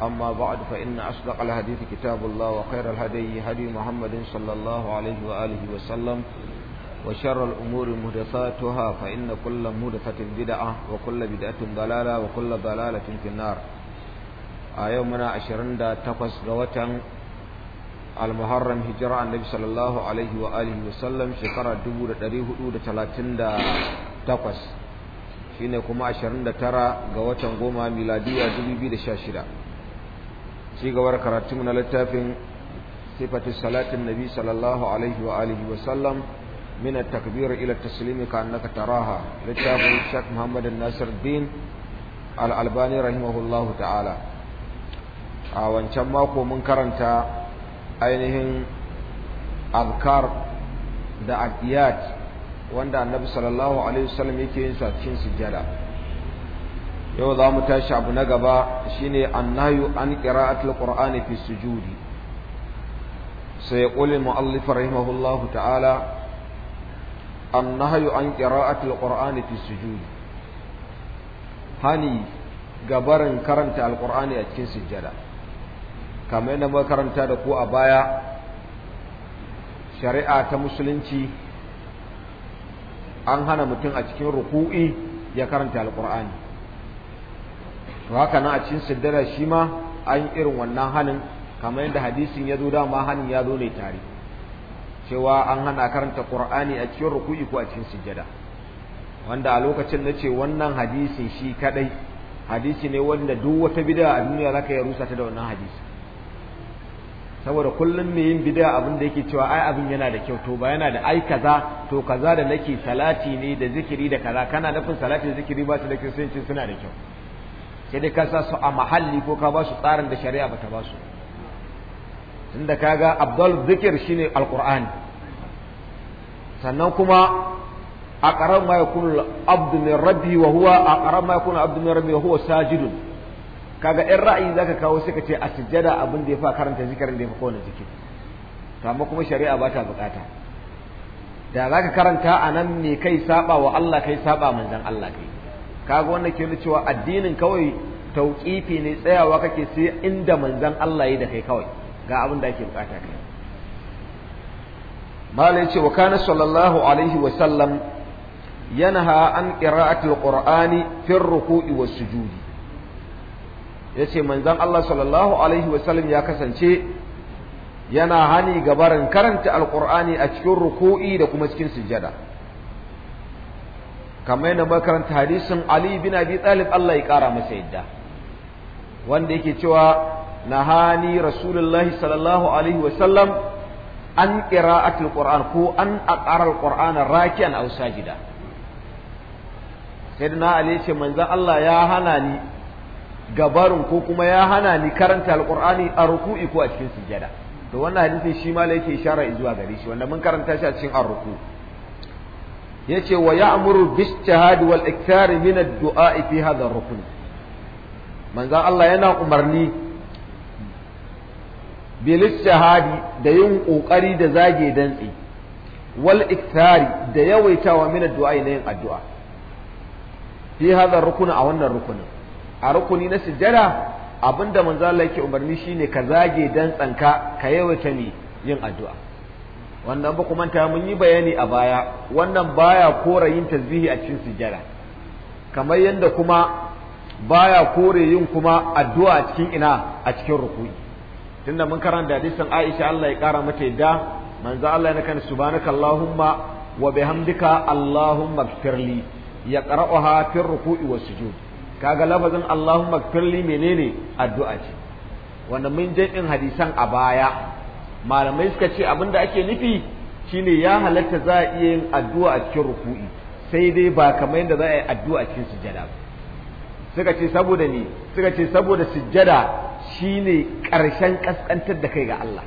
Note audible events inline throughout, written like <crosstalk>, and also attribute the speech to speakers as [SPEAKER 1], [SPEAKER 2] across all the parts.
[SPEAKER 1] أما بعد فإن أصدق الحديث كتاب الله وخير الهدي هدي محمد صلى الله عليه وآله وسلم وشر الأمور محدثاتها فإن كل محدثة بدعة وكل بدعة ضلالة وكل ضلالة في النار أيومنا عشرين دا تقص غوتا المحرم هجرة النبي صلى الله عليه وآله وسلم شكرا دبور دريه دود تلاتين دا تقص شينكم عشرين دا ترى غوتا غوما ميلادية دبي بيد شاشرة ci gabar karatun na littafin sifatu salatin nabi sallallahu alaihi wa alihi wa sallam من التكبير إلى التسليم كأنك تراها لكتاب الشيخ محمد الناصر الدين الألباني رحمه ta'ala. A wancan mako mun karanta ainihin azkar da adiyat wanda annabi sallallahu alaihi wa sallam yake yin sa cikin sujjada yau za mu tashi abu na gaba shine annayu an qira'atul qur'ani fi sujudi sai qul muallif rahimahullahu ta'ala annayu an qira'atul qur'ani fi sujudi hani gabarin karanta alqur'ani a cikin sujjada kamar yadda muka karanta da ku a baya shari'a ta musulunci an hana mutum a cikin ruku'i ya karanta alqur'ani to haka nan a cikin siddara shi ma an irin wannan hanin kamar yadda hadisin ya zo dama hanin ya zo ne tare cewa an hana karanta qur'ani a cikin ruku'i ko a cikin sujjada wanda a lokacin na ce wannan hadisin shi kadai hadisi ne wanda duk wata bid'a a duniya zaka yi rusa ta da wannan hadisi saboda kullum mai yin bid'a abin da yake cewa ai abin yana da kyau to ba yana da ai kaza to kaza da nake salati ne da zikiri da kaza kana nufin salati da zikiri ba su da kyau sai suna da kyau sai dai ka sa su a mahalli ko ka ba su tsarin da shari'a bata ba su tunda ga abdul zikir shine alqur'ani sannan kuma aqrab ma yakunu al-abdu min rabbi wa huwa aqrab ma yakunu abdu min rabbi wa huwa sajidun kaga in ra'ayi zaka kawo sai ka ce a sujjada abin da ya fa karanta zikirin da ya fa kowane zikiri to amma kuma shari'a ba ta bukata da zaka karanta anan ne kai saba wa Allah kai saba manzon Allah kai kaga wannan ke cewa addinin kawai tauƙifi ne tsayawa kake sai inda manzan Allah ya da kai kawai ga abin da ake bukata kai malai ce wa kana sallallahu alaihi wa sallam yanha an qira'ati alqur'ani fi ruku'i was sujudi yace manzan Allah sallallahu alaihi wa sallam ya kasance yana hani gabarin karanta alqur'ani a cikin ruku'i da kuma cikin sujada kamar yadda makaranta hadisin Ali bin Abi Talib Allah ya kara masa yadda wanda yake cewa nahani rasulullahi sallallahu alaihi wasallam an qira'atul qur'an ko an aqara al hausa raki'an aw sajida sayyidina Ali ce manzon Allah ya hana ni gabarin ko kuma ya hana ni karanta al a ruku'i ko a cikin sujada to wannan hadisi shi ma yake ishara zuwa gare shi wanda mun karanta shi a cikin ar yace wa ya'muru bijtihad wal ikthar min ad-du'a fi hadha ar-rukn manzo Allah yana umarni bil istihadi da yin kokari da zage dantsi wal ikthari da yawaitawa min ad-du'a na yin addu'a fi hadha ar-rukn a wannan rukunin a rukuni na sujjada abinda manzo Allah yake umarni shine ka zage dantsanka ka yawaita ne yin addu'a wannan ba kuma ta mun yi bayani a baya wannan baya kore yin tasbihi a cikin sujjada kamar yadda kuma baya kore yin kuma addu'a a cikin ina a cikin ruku'i tunda mun karanta hadisin Aisha Allah ya kara mata yadda manzo Allah ya kan subhanaka allahumma wa bihamdika allahumma ighfirli qara'uha fi ruku'i wa sujud kaga lafazin allahumma ighfirli menene addu'a ce wanda mun je din hadisan a baya malamai suka ce abin da ake nufi shine ya halatta za a iya yin addu'a a cikin ruku'i sai dai ba kamar yadda za a yi addu'a a cikin sujjada ba suka ce saboda ne suka ce saboda sujjada shine ƙarshen ƙasƙantar da kai ga Allah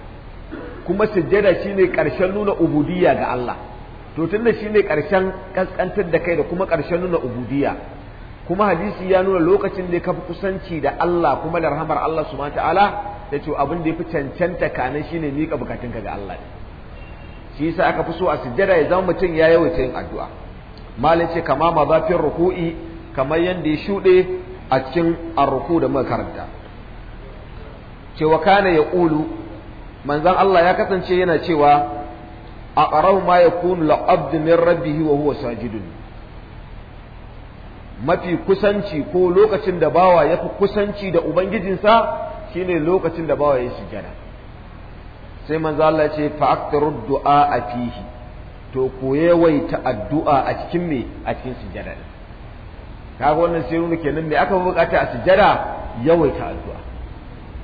[SPEAKER 1] kuma sujjada shine ƙarshen nuna ubudiyya ga Allah to tunda shine ƙarshen ƙasƙantar da kai da kuma ƙarshen nuna ubudiyya kuma hadisi ya nuna lokacin da ya fi kusanci da Allah kuma da rahamar Allah mata ta'ala da ce abin da ya fi cancanta kanan shine miƙa bukatunka ga Allah shi yasa aka fi so a sujjada ya zama mutum ya yawaita yin addu'a malin ce kama ma mazafin ruku'i kamar yadda ya shuɗe a cikin arruku da muka karanta cewa kana ya ƙulu manzan Allah ya kasance yana cewa a ƙarau ma ya kunu la'abdu min rabbihi wa huwa sajidun mafi kusanci ko lokacin da bawa ya fi kusanci da ubangijinsa shine lokacin da bawa ya sujada sai manzo Allah ce fa aktaru du'a a fihi to ko yawaita addu'a a cikin me a cikin sujada ga wannan sai nuna kenan me aka bukata a sujada yawaita addu'a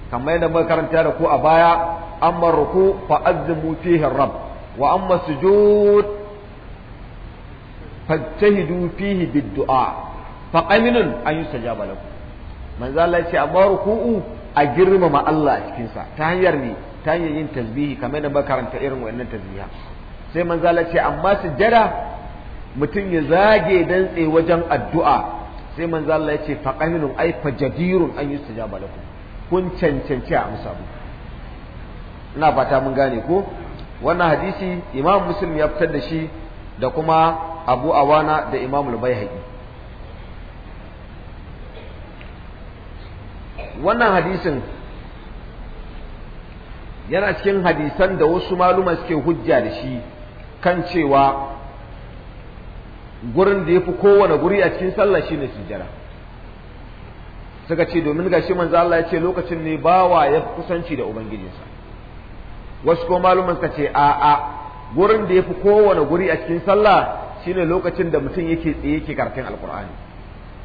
[SPEAKER 1] kamar yadda muka karanta da ku a baya amma ruku fa azmu fihi rabb wa amma sujud fajtahidu fihi bid du'a fa qaminun an yustajaba lakum manzo Allah ce amma ruku'u a girmama Allah a cikin sa ta hanyar ne ta hanyar yin tasbihi kamar da makaranta irin wannan tasbiha sai manzo Allah ce amma sujada mutum ya zage dantse wajen addu'a sai manzo Allah ya ce ay fajadirun an yustajaba lakum kun cancanci a amsa mu ina fata mun gane ko wannan hadisi imam muslim ya fitar da shi da kuma abu awana da imam al-baihaqi wannan hadisin yana cikin hadisan da wasu maluma suke hujja da shi kan cewa gurin da ya fi kowane guri a cikin sallah shine sujjara suka ce domin gashi manzo Allah ya ce lokacin ne bawa ya kusanci da ubangijinsa wasu ko maluman suka ce a a gurin da ya fi kowane guri a cikin sallah shine lokacin da mutum yake tsaye yake karatun alkur'ani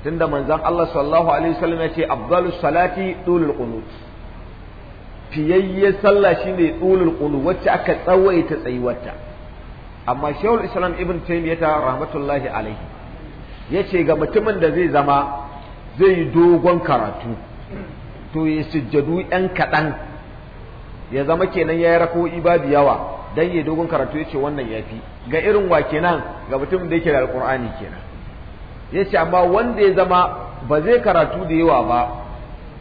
[SPEAKER 1] tunda manzon Allah sallallahu alaihi wasallam ya ce afdalu salati tulul qunut fiyayye sallah shine tulul qunut wacce aka tsawaita tsayuwarta amma shaykhul islam ibn taymiyata rahmatullahi alaihi yace ga mutumin da zai zama zai yi dogon karatu to ya sujjadu ɗan kaɗan ya zama kenan ya yi rako'i babu yawa dan ya dogon karatu yace wannan yafi ga irin wa kenan ga mutumin da yake da alqur'ani kenan ya ce amma wanda ya zama ba zai karatu da yawa ba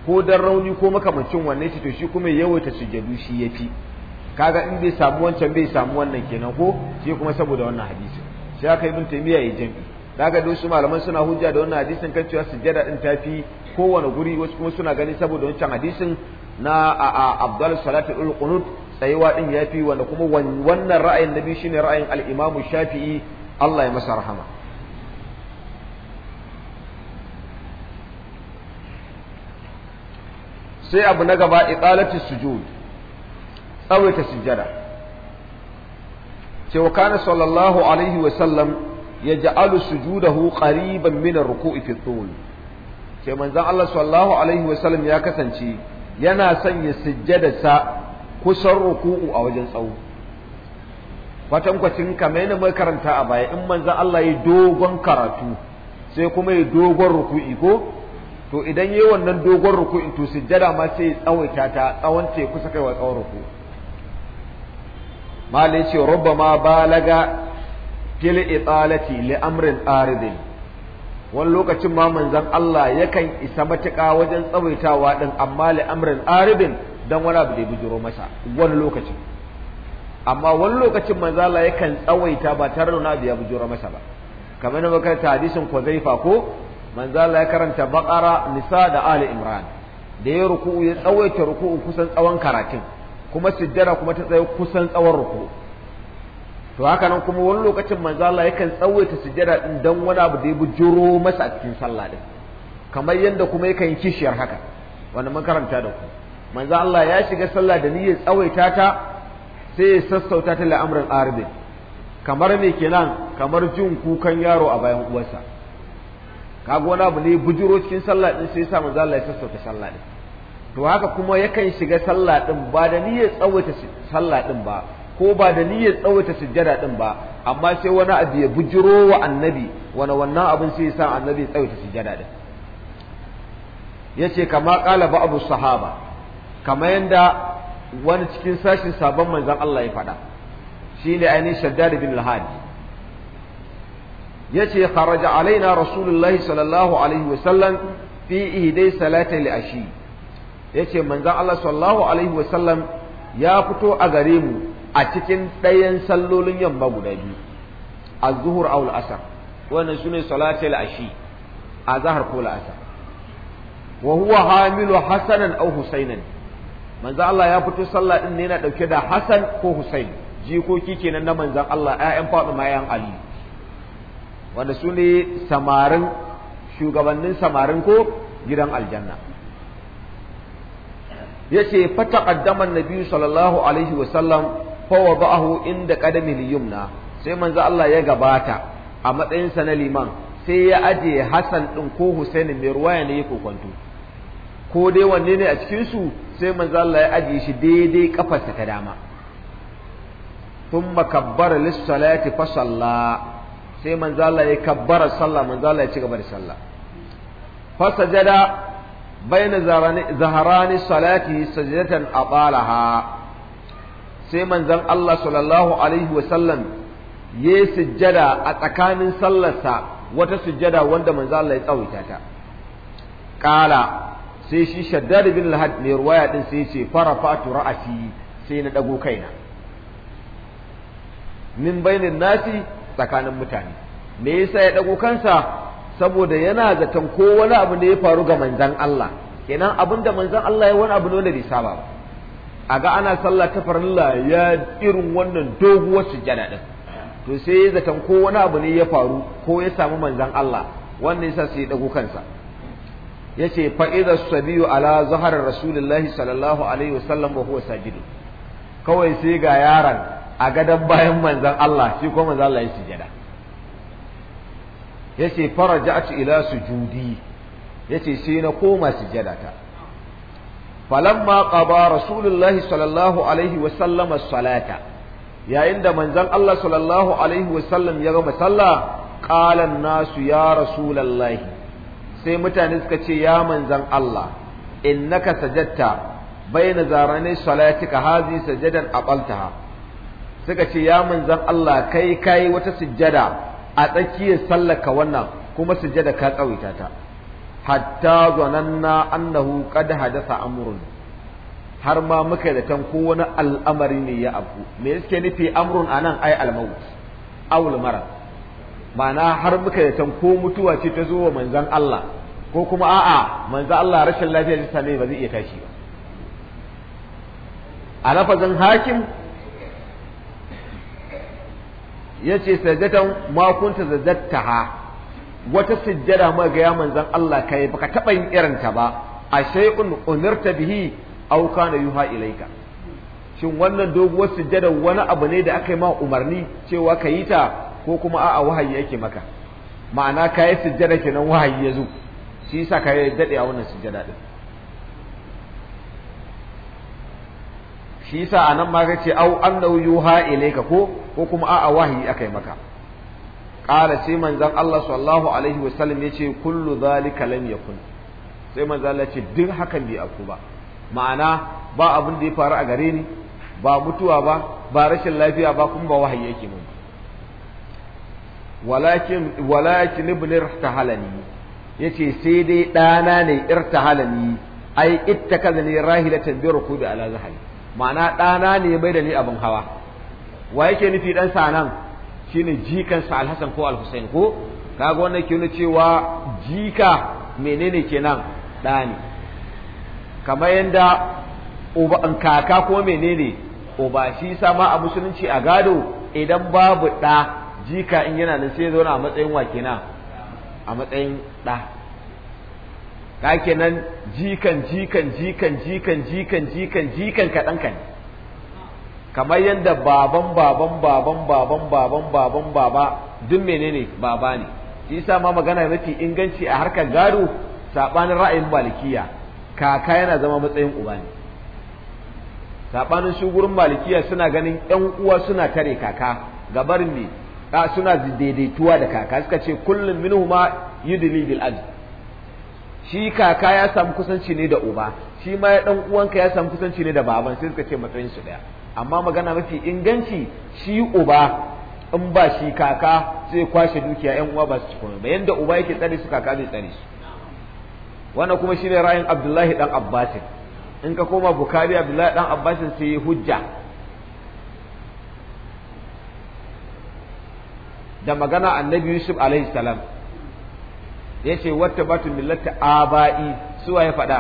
[SPEAKER 1] ko dan rauni ko makamacin wannan shi to shi kuma ya yawaita sujjadu shi ya yafi kaga in bai samu wancan bai samu wannan kenan ko shi kuma saboda wannan hadisi sai aka ibn taymiya ya jami Na ga wasu malaman suna hujja da wannan hadisin kan cewa sujjada din ta tafi kowane guri wasu kuma suna gani saboda wancan hadisin na abdul salatu ul qunut tsayuwa din yafi wanda kuma wannan ra'ayin nabi shine ra'ayin al-imamu shafi'i Allah ya masa rahama sai abu na gaba iqalatu sujud tsawaita sujjada cewa kana sallallahu alaihi wa sallam yaj'alu sujudahu qariban min ar-ruku'i fi thul ce manzon Allah sallallahu alaihi wa sallam ya kasance yana sanya sa kusan ruku'u a wajen tsawo kwatankwacin kamar yana mai karanta a baya in manzon Allah ya dogon karatu sai kuma ya dogon ruku'i ko to idan yayi wannan dogon ruku'in to sujjada ma sai tsawaita ta tsawon ce kusa kaiwa tsawon ruku malai ce rubbama balaga fil italati li amrin aridin wani lokacin ma manzon Allah yakan isa matuƙa wajen tsawaitawa din amma li amrin aridin dan wani abu da ya bijiro masa wani lokacin amma wani lokacin manzon Allah yakan tsawaita ba tare da wani abu ya bijiro masa ba kamar na makaranta hadisin Huzaifa ko manzo Allah ya karanta baqara nisa da ali imran da ya ruku'u ya tsawaita ruku'u kusan tsawon karatun kuma sujjada kuma ta tsaye kusan tsawon ruku'u to haka nan kuma wani lokacin manzo Allah yakan tsawaita sujjada din dan wani abu da ya bujuro masa a cikin sallah din kamar yadda kuma yakan kishiyar haka wanda mun karanta da ku manzo Allah ya shiga sallah da niyyar tsawaita ta sai ya sassauta ta la'amrin arabin kamar me kenan kamar jin kukan yaro a bayan uwarsa kaga wani abu ne bujiro cikin sallah din sai ya sa manzo Allah ya sassauta sallah din to haka kuma yakan shiga sallah din ba da niyyar tsawaita sallah din ba ko ba da niyyar tsawaita sujjada din ba amma sai wani abu ya bujiro wa annabi wani wannan abin sai ya sa annabi ya tsawaita sujjada din yace kama qala ba sahaba kama yanda wani cikin sashin sabon manzon Allah ya faɗa shine ainihin Shaddad bin Al-Hadi yace kharaja alaina rasulullahi sallallahu alaihi wasallam fi ihdai salati al-ashi yace manzon Allah sallallahu alaihi sallam ya fito a gare mu a cikin dayan sallolin yamma guda biyu az-zuhur aw al-asr wannan sune salati al-ashi azhar ko al-asr wa huwa hamilu hasanan aw husainan manzo Allah ya fito sallah din ne yana dauke da hasan ko Husain jikoki kenan na manzon Allah ƴaƴan Fatima ƴaƴan Ali wanda su ne samarin shugabannin samarin ko gidan aljanna Ya yace fa na biyu sallallahu alaihi wasallam fa wada'ahu inda qadamihi liyumna sai manzo Allah ya gabata a matsayinsa na liman sai ya aje Hassan ɗin ko Husaini mai ruwaya ne yi kokonto. ko dai wanne ne a cikinsu su sai manzo Allah ya aje shi daidai kafarsa ta dama thumma kabbara lis sai manzala ya kabbara sallah manzala ya ci gaba da sallah sajada bayna zaharani salati sajadatan abalaha sai manzan Allah sallallahu alaihi wa sallam ya sujjada a tsakanin sallarsa wata sujjada wanda manzo Allah ya tsawaita ta kala sai shi shaddad bin lahad mai ruwaya din sai ce fatu ra'asi sai na dago kaina min bainin nasi tsakanin mutane me yasa ya dago kansa saboda yana zaton ko wani abu ne ya faru ga manzon Allah kenan abin da manzon Allah ya wani abu ne da saba ba a ga ana sallah ta farilla ya irin wannan doguwar sujjada din to sai ya zaton ko wani abu ne ya faru ko ya samu manzon Allah wannan yasa sai ya dago kansa yace fa idza sabiyu ala zahar rasulullahi sallallahu alaihi wasallam wa huwa sajidu kawai sai ga yaran a gadon bayan manzan Allah shi ko manzan Allah ya sujada ya ce faraja'tu ila sujudi ya ce sai na koma sujada ta falamma qaba rasulullahi sallallahu alaihi wa sallam salata yayin da manzan Allah sallallahu alaihi wa sallam ya gama sallah qala nasu ya rasulullahi sai mutane suka ce ya manzan Allah innaka sajadta bayna zarani salatika hazi sajadan aqaltaha suka ce ya manzan Allah kai kai wata sujjada a tsakiyar sallaka wannan kuma sujjada ka tsawaita ta hatta zananna annahu qad hadatha amrun har ma muka da tan ko wani al'amari ne ya abu me yake nufi amrun anan ai al-maut aw al-marad ma'ana har muka da tan ko mutuwa ce ta zo wa manzan Allah ko kuma a'a manzan Allah rashin lafiya ta ne ba zai iya tashi ba a lafazin hakim Ya ce sajatan ma kunta ha wata sujjada ma ga ya manzon Allah kai baka taba yin irin ta ba a shay'un ta bihi aw kana yuha ilayka shin wannan doguwar sujjada wani abu ne da aka yi ma umarni cewa ka yi ta ko kuma a'a wahayi yake maka ma'ana ka yi sujjada kenan wahayi ya zo shi yasa ka yi dade a wannan sujjada din shi yasa anan ma kace au annahu yuha ilayka ko ko kuma a'a wahayi akai maka qala sai manzon Allah sallallahu alaihi wasallam yace kullu zalika lam yakun sai manzon Allah ce duk hakan bai aku ba ma'ana ba abin da ya faru a gare ni ba mutuwa ba ba rashin lafiya ba kuma ba wahayi yake mun walakin walakin ibn irtahalani yace sai dai dana ne irtahalani ai ittakaza ne rahilatan bi rukubi ala zahali ma'ana ɗana ne mai da ni abin hawa wa yake nufi ɗan nan sanan shine jikansa alhassan ko alhussein ko kaga wannan ke nuna cewa jika menene kenan ɗa ne kamar yadda kaka ko menene uba shi sama a musulunci a gado idan babu ɗa jika in yana nan sai zauna a matsayin wa kenan a matsayin ɗa kake nan jikan jikan jikan jikan jikan jikan jikan kaɗan ka kamar yadda baban baban baban baban baban baban baba duk menene baba ne sa ma magana mafi inganci a harkar gado saɓanin ra'ayin malikiya kaka yana zama matsayin uba ne saɓanin shugurin malikiya suna ganin ƴan uwa suna tare kaka gabar ne suna daidaituwa da kaka suka ce kullum minhuma yudli bil ajr shi kaka ya samu kusanci ne da uba shi ma ya dan uwanka ya samu kusanci ne da baban sai suka ce matsayin su daya amma magana mafi inganci shi uba in ba shi kaka sai kwashe dukiya yan uwa ba su ci komai ba yanda uba yake tsare su kaka zai tsare su wannan kuma shine ra'ayin Abdullahi dan Abbasin in ka koma Bukhari Abdullahi dan Abbasin sai yi hujja da magana Annabi Yusuf alaihi salam yace wata batun millata aba'i suwa ya faɗa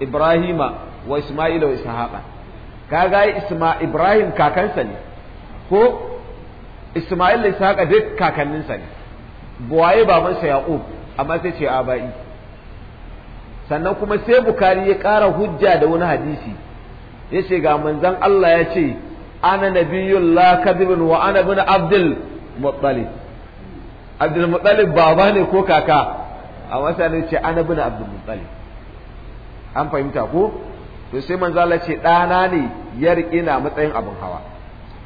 [SPEAKER 1] ibrahima wa isma'ila wa ishaqa kaga isma ibrahim kakansa ne ko isma'il da ishaqa duk kakanninsa ne buwaye sa yaqub amma sai ce aba'i sannan kuma sai bukari ya ƙara hujja da wani hadisi ya ce ga manzon Allah ya ce ana nabiyyun la kadibun wa ana bin abdul muttalib abdul baba ne ko kaka a sai ce ana bin abdul an fahimta ko to sai manzo ce dana ne ya rike na matsayin abin hawa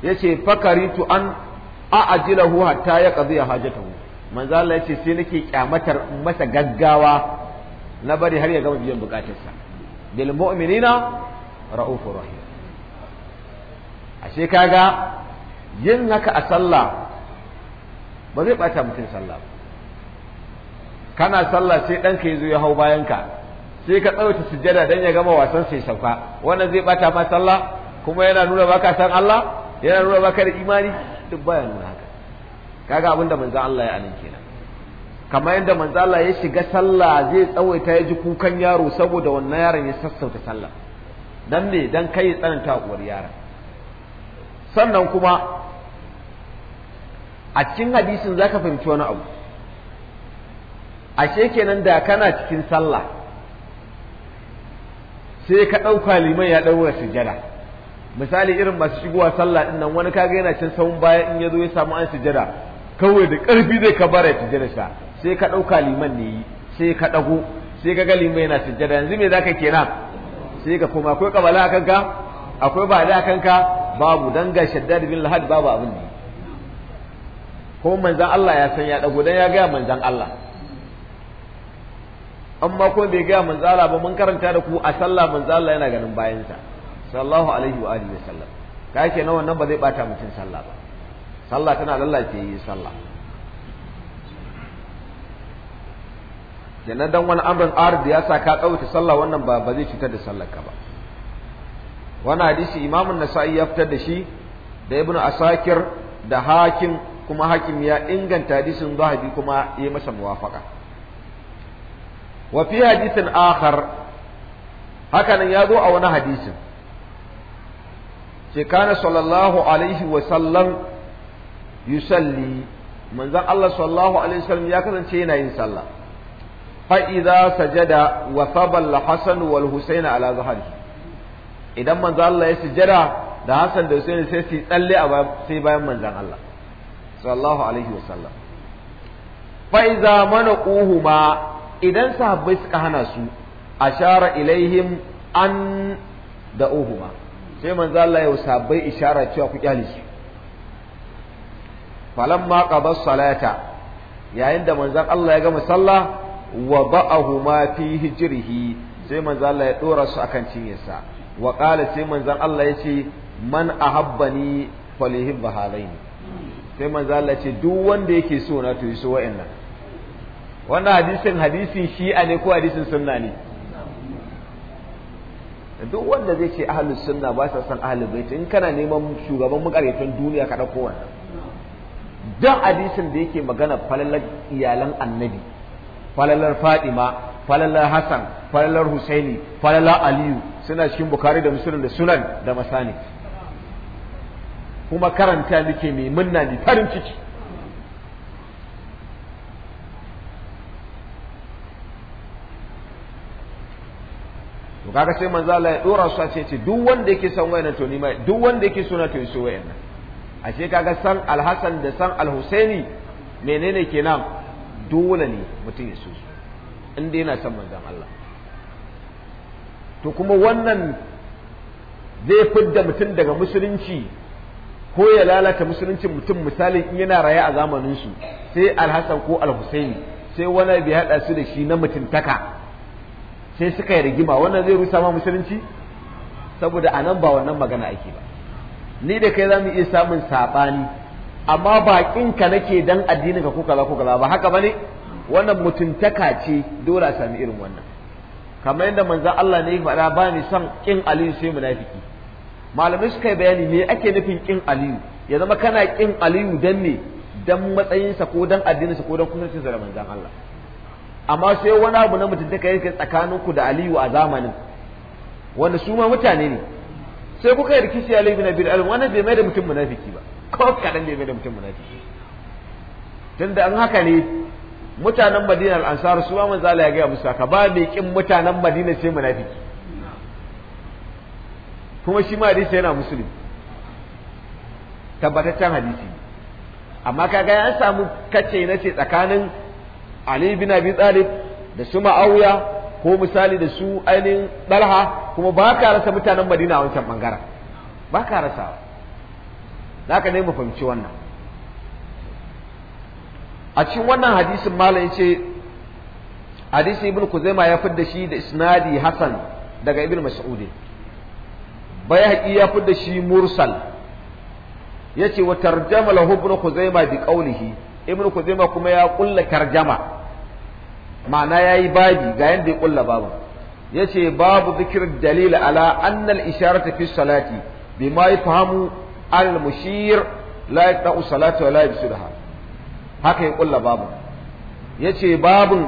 [SPEAKER 1] yace fakaritu an a'ajilahu hatta ya qadi hajatahu manzo Allah yace sai nake kyamatar masa gaggawa na bari har ya gama biyan bukatarsa bil mu'minina ra'ufur rahim ashe kaga yin haka a sallah ba zai bata mutum sallah ba kana sallah sai ɗanka ya zo ya hau ka. sai ka tsawaita sujada dan ya gama wasan sai sauka wannan zai bata ma sallah kuma yana nuna baka san Allah yana nuna baka da imani duk baya nuna haka kaga abinda manzo Allah ya anan kenan kamar yadda manzo Allah ya shiga sallah zai tsawaita ya ji kukan yaro saboda wannan yaron ya sassauta sallah dan ne dan kai ya tsananta uwar yaron sannan kuma a cikin hadisin zaka fahimci wani abu ashe kenan da kana cikin sallah sai ka ɗauka liman ya ɗaura sujada misali irin masu shigowa sallah ɗin nan wani kaga yana cin sahun baya in ya zo ya samu an sujada kawai da ƙarfi zai ka bara ya sujada sa sai ka ɗauka liman ne yi sai ka ɗago sai ka ga liman yana sujada yanzu me zaka kenan sai ka koma akwai kabala a kanka akwai ba da kanka babu dan ga shaddad bin lahad babu abin ne ko manzan Allah ya san ya dago dan ya gaya manzan Allah amma ko bai gaya manzan Allah ba mun karanta da ku a sallah manzan Allah yana ganin bayansa sallallahu alaihi wa alihi wasallam kai ke na wannan ba zai bata mutum sallah ba sallah tana lallace yi sallah kenan dan wani amrin ard ya sa ka kawace sallah wannan ba ba zai cutar da sallar ka ba wannan hadisi imamun nasa'i ya fitar da shi da ibnu asakir da hakim kuma hakim ya inganta hadisin zahabi kuma ya masa muwafaka wa fi hadisin akhar hakanan ya zo a wani hadisin ce kana sallallahu alaihi wa sallam yusalli manzon Allah sallallahu alaihi wasallam ya kasance yana yin sallah fa idza sajada wa thaba al-hasan wal husayn ala zahri idan manzon Allah ya sujada da Hassan da Husaini sai su tsalle a sai bayan manzon Allah sallallahu alaihi wasallam fa iza manquhuma idan sahabbai suka hana su ashara ilaihim an da uhuma sai manzo Allah ya sahabbai ishara cewa ku kyale su falamma qada salata yayin da manzon Allah ya ga sallah wa ba'ahuma fi hijrihi sai manzo Allah ya dora su akan cinyarsa wa qala sai manzon Allah ya ce man ahabbani falihim bahalaini sai manzo Allah ce duk wanda yake so na to yi so wa'annan wannan hadisin hadisin shi'a ne ko hadisin sunna ne duk wanda zai ce ahlus sunna ba sa son ahlul bait in kana neman shugaban makarantar duniya ka dauko wannan duk hadisin da yake magana falalar iyalan annabi falalar fatima falalar hassan falalar husaini falalar aliyu suna cikin bukari da musulun da sunan da masani kuma karanta muke mai munna ne farin ciki to kaga sai manzo Allah ya dora su a ce duk wanda yake son wayannan to ni ma duk wanda yake suna to yaso wayannan ashe kaga san Al-Hasan da san Al-Husaini menene kenan dole ne mutum ya so su inda yana son manzon Allah to kuma wannan zai fidda mutum daga musulunci ko ya lalata musuluncin mutum misalin in yana raye a zamanin su sai alhassan ko alhusaini sai wani bai hada su da shi na mutuntaka sai suka yi rigima wannan zai rusa ma musulunci saboda anan ba wannan magana ake ba ni da kai za mu iya samun saɓani amma ka nake dan addinin ka ko kaza ko kaza ba haka bane wannan mutuntaka ce dole a sami irin wannan kamar yadda manzon Allah ne ya faɗa bani son kin Ali sai munafiki malamai suka yi bayani me ake nufin kin aliyu ya zama kana kin aliyu dan ne dan matsayinsa ko dan addininsa ko dan kusancinsa da manzon Allah amma sai wani abu na mutuntaka tsakanin tsakaninku da aliyu a zamanin wanda su ma mutane ne sai kuka yi rikici Ali bin Abi al wani bai mai da mutum munafiki ba ko kadan bai mai da mutum munafiki tunda an haka ne mutanen Madina al-Ansar su ma manzo Allah ya ga musu haka ba mai kin mutanen Madina sai munafiki kuma shi ma hadisi yana musulmi tabbataccen hadisi amma kaga ya samu kace na ce tsakanin Ali bin Abi Talib da su Ma'awiya ko misali da su ainihin Dalha kuma ba ka rasa mutanen Madina a wancan ɓangaren. ba ka rasa za ka ne mu fahimci wannan a cikin wannan hadisin malam ce hadisi ibn Kuzaima ya fidda shi da isnadi Hassan daga ibn Mas'udi bayhaqi ya fi da shi mursal yace wa tarjama lahu ibn khuzaima bi qawlihi ibn khuzaima kuma ya kulla tarjama ma'ana yayi babi ga yanda ya kulla babu yace babu zikir dalil ala anna al isharata fi salati bima yafhamu al mushir la yaqta'u salata wa la yabsudaha haka ya kulla babu yace babun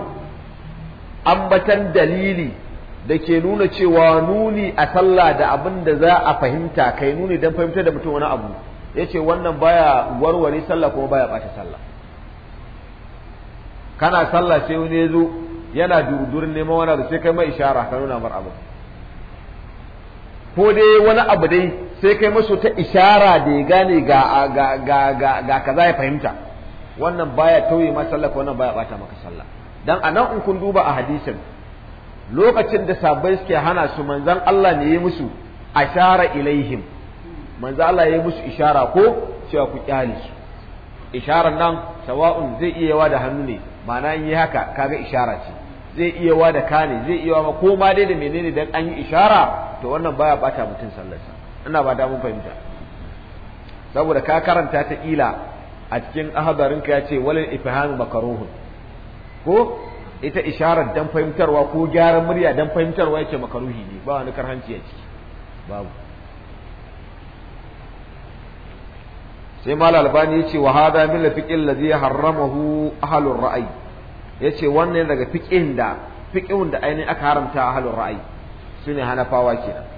[SPEAKER 1] ambatan dalili da ke nuna cewa nuni a sallah da abin da za a fahimta kai nuni don fahimtar da mutum wani abu ya ce wannan baya warware sallah kuma baya ɓata sallah kana sallah sai wani ya zo yana durudurin neman wani abu sai kai mai ishara ka nuna mar abu ko dai wani abu dai sai kai masu ta ishara da ya gane ga ga kaza ya fahimta wannan baya tauye ma sallah ko wannan baya ɓata maka sallah dan anan in kun duba a hadisin lokacin da sabbai suke hana su manzan Allah ne ya musu ashara ilaihim manzan Allah ya musu ishara ko cewa ku kyale su isharar nan sawa'un zai iya yawa da hannu ne ma'ana in yi haka kaga ishara ce zai iya yawa da kane zai iya yawa ko ma dai da menene dan an yi ishara to wannan baya bata mutum sallarsa ina ba da mun fahimta saboda ka karanta ta kila a cikin ahadarinka ya ce walal ifhamu makaruhun ko ita isharar dan fahimtarwa ko gyaran murya dan fahimtarwa yake makaruhi ne ba wani karhanci a ciki babu sai mal albani yace wa hada min lafiqil ladhi harramahu ahlur ra'i yace wannan daga fiqin da fiqin da ainihin aka haramta ahlur ra'i sune hanafawa kenan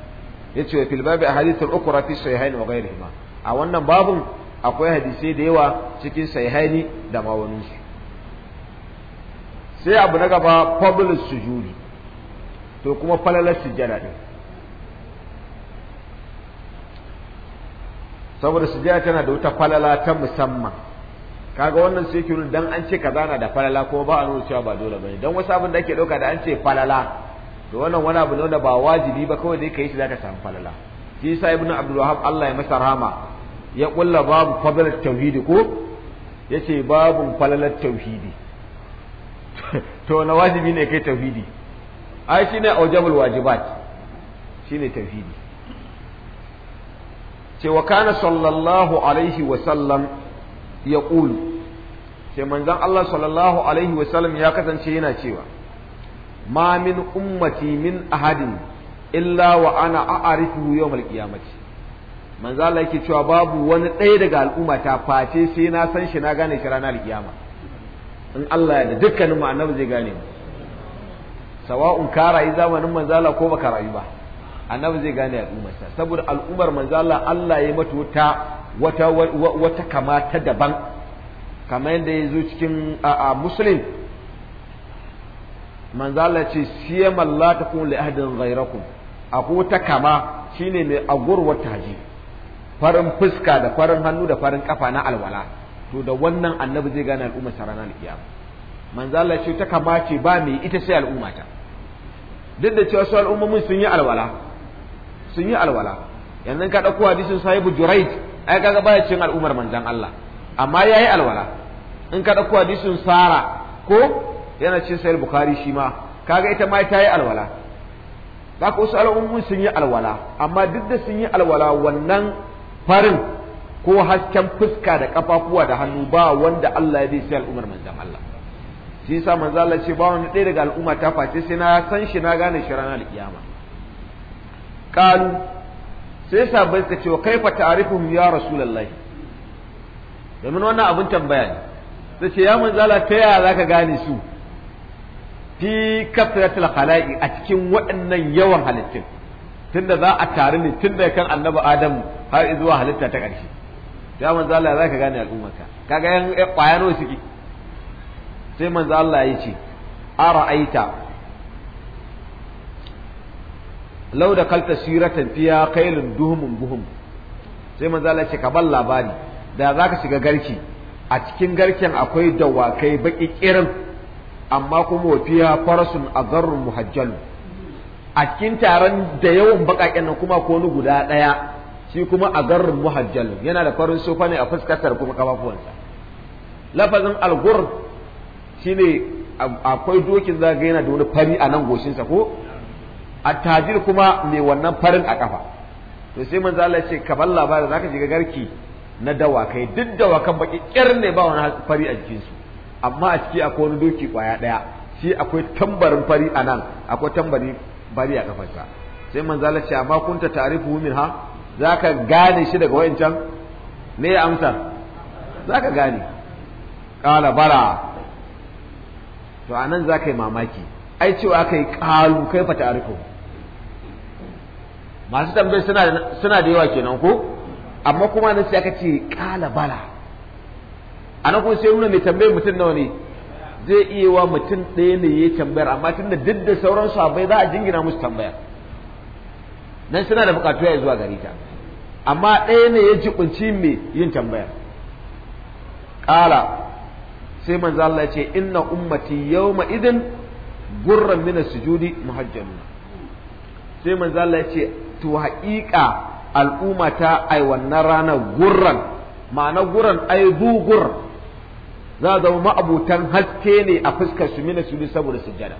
[SPEAKER 1] yace wa fil babi ahadithul ukra fi sahihain wa ghayrihima a wannan babun akwai hadisi da yawa cikin sahihaini da mawaninsu sai abu na gaba fadlus sujudi to kuma falalar sujjada din saboda sujjada tana da wata falala ta musamman kaga wannan sai kirin dan an ce kaza na da falala kuma ba a nuna cewa ba dole bane dan wasu abin da ake dauka da an ce falala to wannan wani abu ne da ba wajibi ba kawai dai kai shi zaka samu falala shi yasa ibn abdul wahab Allah ya masa rahama ya kulla babu fadlat tauhidi ko yace babu falalat tauhidi <laughs> to na wajibi ne kai tauhidi ai shine aujabul wajibat shine tauhidi ce wa kana sallallahu alaihi wa sallam ya ƙulu ce manzon Allah sallallahu alaihi wa sallam ya kasance yana cewa ma min ummati min ahadin illa wa ana a'arifuhu yawmal qiyamati manzo Allah yake cewa babu wani ɗaya daga al'umma ta face sai na san shi na gane shi ranar alkiyama in Allah ya da dukkanin ma'anar zai gane mu sawa'un ka rayu zamanin manzala ko baka rayu ba annabi zai gane al'ummarsa saboda al'ummar manzala Allah ya mata wata wata wata kamata daban kamar yadda ya zo cikin a muslim manzala ce siyam Allah ta kun li ahdin ghairakum akwai wata kama shine mai agurwar taji farin fuska da farin hannu da farin kafa na alwala to da wannan annabi zai gane al'umma ta ranar kiyama manzo Allah ce ta kamace ba mai ita sai al'umma ta duk da cewa su al'ummomin sun yi alwala sun yi alwala yanzu ka dauko hadisin sahibu juraid ai kaga ya cin al'ummar manzon Allah amma yayi alwala in ka dauko hadisin sara ko yana cin sahih bukhari shi ma kaga ita ma ta yi alwala za ko su al'ummomin sun yi alwala amma duk da sun yi alwala wannan farin ko hasken fuska da kafafuwa da hannu ba wanda Allah ya zai sai al'ummar Allah shi yasa manzo Allah ce ba wani ɗaya daga al'umma ta face sai na san shi na gane shi ranar kiyama qalu sai bai ta ce wa kaifa ta'rifu ya rasulullahi domin wannan abin tambaya ne sai ce ya manzo Allah ta yaya zaka gane su fi kafratul khalaqi a cikin waɗannan yawan halittun tunda za a taru ne tunda daga kan annabi Adam har zuwa halitta ta ƙarshe ya manzo Allah za ka gane al'ummarka kaga yan kwaya nawa suke sai manzo Allah ya ce ara'aita law da kalta siratan fiya kailun duhumun buhum sai manzo Allah ya ce ka bar labari da za ka shiga garki a cikin garken akwai dawakai baki kirin amma kuma fiya farasun azarrun muhajjalu a cikin taron da yawan baƙaƙen nan kuma ko guda ɗaya. shi kuma a garin muhajjal yana da farin sofa ne a fuskantar kuma kafafuwansa lafazin algur ne akwai dokin zagaye yana da wani fari a nan goshinsa ko a tajir kuma mai wannan farin a kafa to sai man ce kamar labarin zaka shiga garki na dawakai duk dawakan baki kyar ne ba wani fari a jikinsu amma a ciki akwai wani doki kwaya daya shi akwai tambarin fari a nan akwai tambari bari a kafarsa sai man Allah ce amma kunta ta'rifu ha? za ka gane shi daga wancan me ya amsa za ka gane Ƙala bara to anan za ka yi mamaki ai cewa ka yi ƙalu kai fata ariko masu tambayi suna da yawa kenan ko amma kuma nan sai aka ce kala bala nan kuma sai nuna mai tambayar mutum nawa ne zai iya wa mutum ɗaya ne ya tambayar amma tun da duk da sauran za a jingina musu tambayar dan suna da bukatu ya zuwa garita, ta amma ɗaya ne ya jibinci mai yin tambaya ƙala sai manzo Allah ya ce inna ummati yawma idin gurran min sujudi muhajjalun sai manzo Allah ya ce to haƙiƙa al'umma ta ai wannan ranar gurran ma'ana gurran ai bugur. za zama ma'abutan haske ne a fuskar su mina sujudi saboda sujjada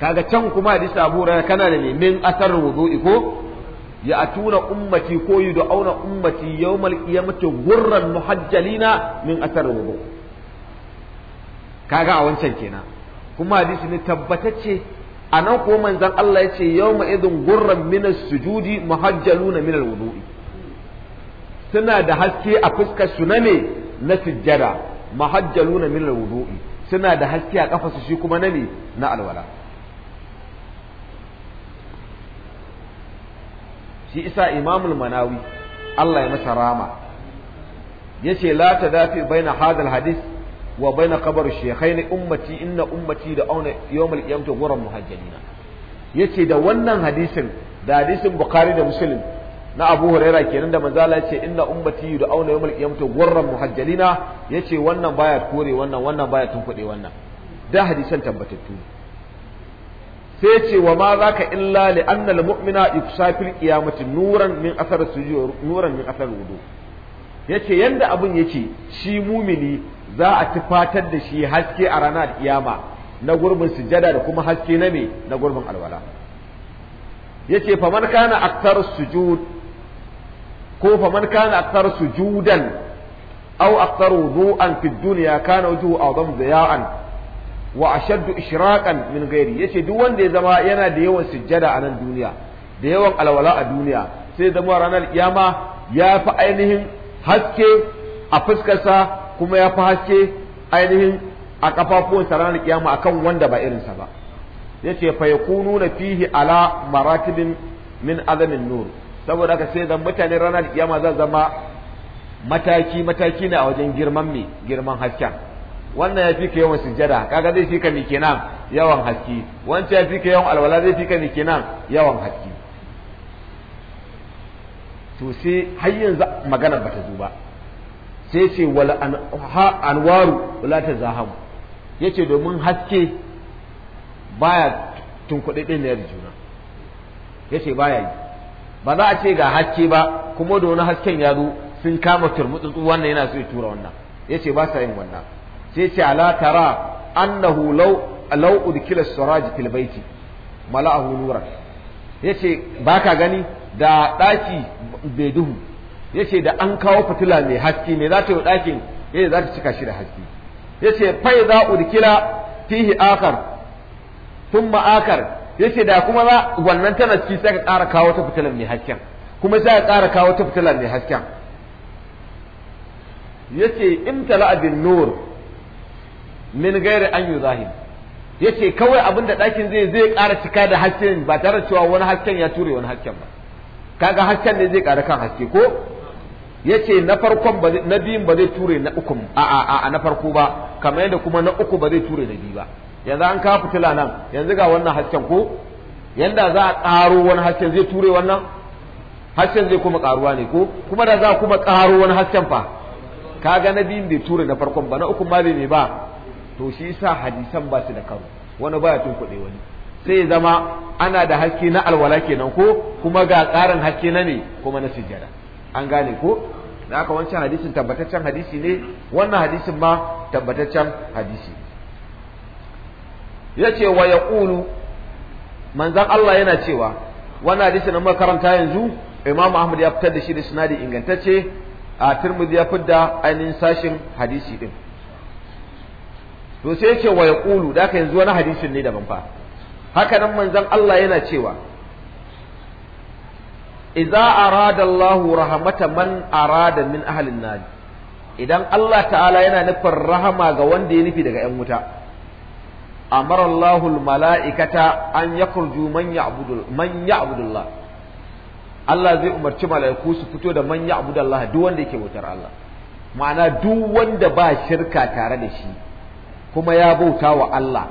[SPEAKER 1] kaga can kuma hadisi Abu kana da ne min asar wudu ko ya atuna ummati ko yud'auna ummati yawmal qiyamati gurran muhajjalina min asar wudu kaga a wancan kenan kuma hadisi ne tabbatacce a nan ko manzon Allah ya ce yawma idin gurran min sujudi muhajjaluna min al suna da haske a fuskar su na ne na sujjada muhajjaluna min al suna da haske a kafa su shi kuma na ne na alwala shi isa imamul manawi Allah ya masa rama yace la tadafi baina hadal hadith wa baina qabr shaykhaini ummati inna ummati da auna yawmal qiyamati ghuram muhajjalina yace da wannan hadisin da hadisin bukhari da muslim na abu huraira kenan da manzala yace inna ummati da auna yawmal qiyamati ghuram muhajjalina yace wannan baya kore wannan wannan baya tunkude wannan da hadisan tabbatattu sai ce wa ma zaka illa li anna al mu'mina yusafil qiyamati nuran min asar sujud nuran min asar wudu yace yanda abun yake shi mumini za a tufatar da shi haske a ranar kiyama na gurbin sujada da kuma haske na me na gurbin alwala yace faman kana aktar sujud ko faman kana aktar sujudan aw aktar wudu'an fi dunya kana wujuhu awdam diya'an wa ashaddu ishraqan min ghairi yace duk wanda ya zama yana da yawan sujjada a nan duniya da yawan alwala a duniya sai zama ranar kiyama ya fi ainihin haske a fuskarsa kuma ya fi haske ainihin a kafafuwansa ranar kiyama akan wanda ba irinsa ba yace fa yakunu na fihi ala maratibin min azamin nur saboda haka sai da mutane ranar kiyama zan zama mataki mataki ne a wajen girman me girman hasken wannan ya fi ka yawan sujjada kaga zai fi ka ni kenan yawan haske wancan ya fi ka yawan alwala zai fi ka ni kenan yawan haske to sai har yanzu magana ta zo ba sai ce wal anwaru la zahabu yace domin haske baya tunkuɗe ɗin da juna yace baya yi ba za a ce ga haske ba kuma da wani hasken ya zo sun kama turmutsu wannan yana so ya tura wannan yace ba sa yin wannan sai ce ala tara annahu law law udkila suraj fil baiti mala'ahu nuran yace baka gani da daki bai duhu yace da an kawo fitila mai haske me za ta yi dakin yace za ta cika shi da haske yace fa idza udkila fihi akhar thumma akhar yace da kuma za wannan tana ciki sai ka ƙara kawo ta fitilan mai hasken kuma sai ka ƙara kawo ta fitilan mai hasken yace imtala bin nur min gairi an yi zahiri ya ce kawai abin da ɗakin zai zai ƙara cika da hasken ba tare cewa wani hasken ya ture wani hasken ba kaga hasken ne zai ƙara kan haske ko ya ce na farkon na biyun ba zai ture na uku a a a na farko ba kamar yadda kuma na uku ba zai ture na biyu ba yanzu an kawo fitila nan yanzu ga wannan hasken ko yanda za a ƙaro wani hasken zai ture wannan hasken zai kuma ƙaruwa ne ko kuma da za a kuma ƙaro wani hasken fa kaga na biyun bai ture na farkon ba na uku ma bai ba to shi sa hadisan ba su da karo wani baya tun kuɗe wani sai zama ana da haske na alwala kenan ko kuma ga ƙarin haske na ne kuma na sujjada an gane ko da aka wancan hadisin tabbataccen hadisi ne wannan hadisin ma tabbataccen hadisi ya ce wa ya ƙulu manzan Allah yana cewa wannan hadisin na makaranta yanzu imam ahmad ya fitar da shi da sinadi ingantacce a turmudi ya fidda da ainihin sashin hadisi din to sai ce wa yaqulu da kai yanzu wani hadisin ne daban fa haka nan manzon Allah yana cewa idza arada Allah rahmata man arada min ahli an idan Allah ta'ala yana nufin rahama ga wanda ya nufi daga 'yan wuta amara Allah mala'ikata an yakhruju man ya'budu man ya'budu Allah Allah zai umarci mala'iku su fito da man ya'budu Allah duk wanda yake wutar Allah ma'ana duk wanda ba shirka tare da shi kuma ya bauta wa Allah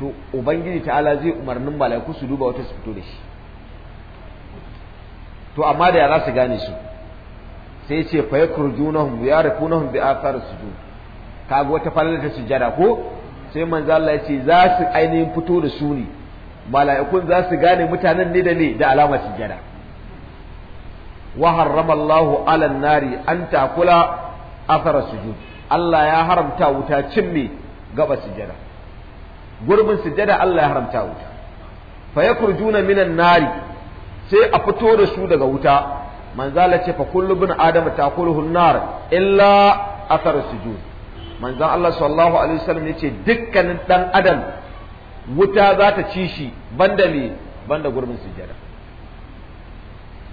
[SPEAKER 1] to ubangiji ta'ala zai umarnin mala'iku su duba wata su fito da shi to amma da ya za su gane su sai ce fa yakrujunahum ya rafunahum bi athar sujud kaga wata falala ta sujada ko sai manzo Allah ya ce za su ainihin fito da su ne mala'ikun za su gane mutanen ne da ne da alamar sujada wa harrama Allah ala nari an takula athar sujud Allah ya haramta wuta cin gaba sujada gurbin sujada Allah ya haramta wuta fa yakurjuna minan nari sai a fito da su daga wuta manzala ce fa kullu bin adam takuluhu nar illa athar sujud manzan Allah sallallahu alaihi wasallam yace dukkanin dan adam wuta za ta ci shi banda me banda gurbin sujada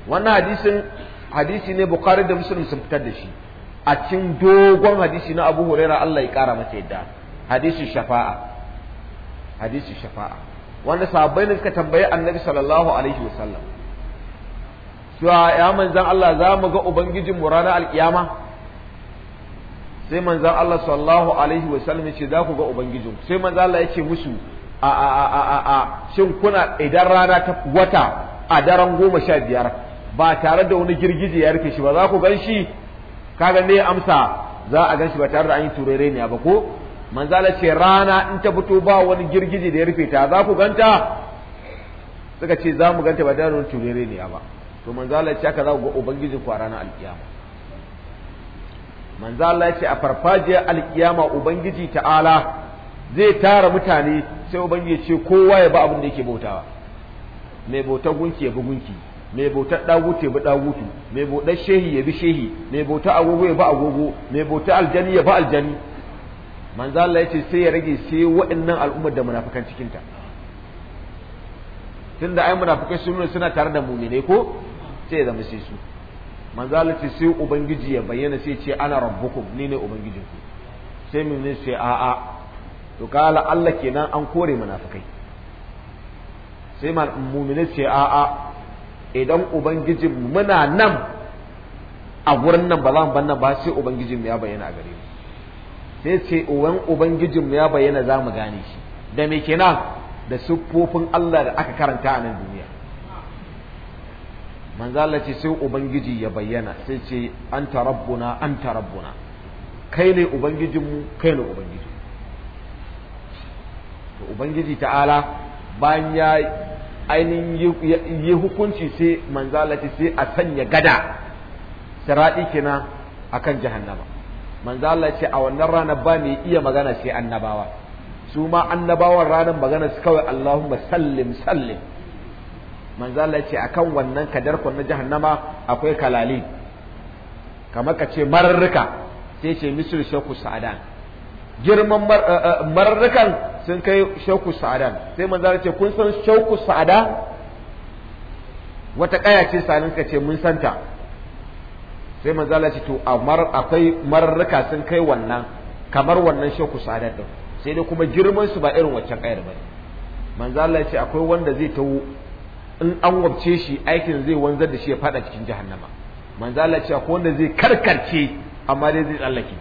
[SPEAKER 1] wannan hadisin hadisi ne bukhari da muslim sun fitar da shi a cikin dogon hadisi na abu huraira Allah ya kara masa yadda hadisin shafa'a hadisin shafa'a wanda sahabbai ne suka tambayi annabi sallallahu alaihi wasallam cewa ya manzan Allah za mu ga ubangijin mu ranar alkiyama sai manzan Allah sallallahu alaihi wasallam ya ce za ku ga ubangijin sai manzan Allah ya ce musu a a a a a shin kuna idan rana ta wata a daren goma sha biyar ba tare da wani girgije ya rike shi ba za ku gan shi kaga ne amsa za a gan shi ba tare da an yi turere ne ba ko manzala ce rana in ta fito ba wani girgije da ya rufe ta za ku ganta suka ce za mu ganta ba da wani turere ne ba to manzala ce haka za ku ga ubangijin ku a ranar alkiyama manzala ce a farfajiyar alkiyama ubangiji ta'ala zai tara mutane sai ubangiji ce kowa ya ba abin da yake bautawa mai bautar gunki ya bi gunki mai bautar dagutu ya bi dagutu mai bautar shehi ya bi shehi mai bautar agogo ya bi agogo mai bautar aljani ya bi aljani manzo Allah yace sai ya rage sai waɗannan al'ummar da munafikan cikin ta tunda ai munafikai sun nuna suna tare da mu'mine ko sai ya zama sai su manzo Allah ce sai ubangiji ya bayyana sai ce ana rabbukum ni ne ku, sai ne sai a'a to kala Allah kenan an kore munafikai sai mu'mine sai a'a idan ubangijin muna nan a gurin nan ba za mu ban nan ba sai ubangijin ya bayyana a gare mu sai ce uwan ubangijinmu ya bayyana za mu gane shi da me kenan da siffofin Allah da aka karanta a nan duniya manzo Allah ce sai ubangiji ya bayyana sai ce anta rabbuna anta rabbuna kai ne ubangijinmu kai ne ubangiji to ubangiji ta'ala bayan ya ainihin yi hukunci sai manzo Allah ce sai a sanya gada sirati kenan akan jahannama manzo Allah ce a wannan ranar ba mai iya magana sai annabawa su ma annabawan ranar magana su kawai Allahumma sallim sallim manzo Allah ce akan wannan kun na jahannama akwai kalali kamar ka ce mararruka sai ce misir shaku sa'adan girman eh, eh, mararrukan sun kai shaku sa'adan sai manzo Allah ce kun san shaku sa'ada wata kaya ce sanin ka ce mun santa sai manzo Allah ce to amar akwai mararruka sun kai wannan kamar wannan shehu sadar da sai dai kuma girman su ba irin waccan kayar bane manzo Allah ce akwai wanda zai tawo in an wabce shi aikin zai wanzar da shi ya fada cikin jahannama manzo Allah ce akwai wanda zai karkarce amma dai zai tsallake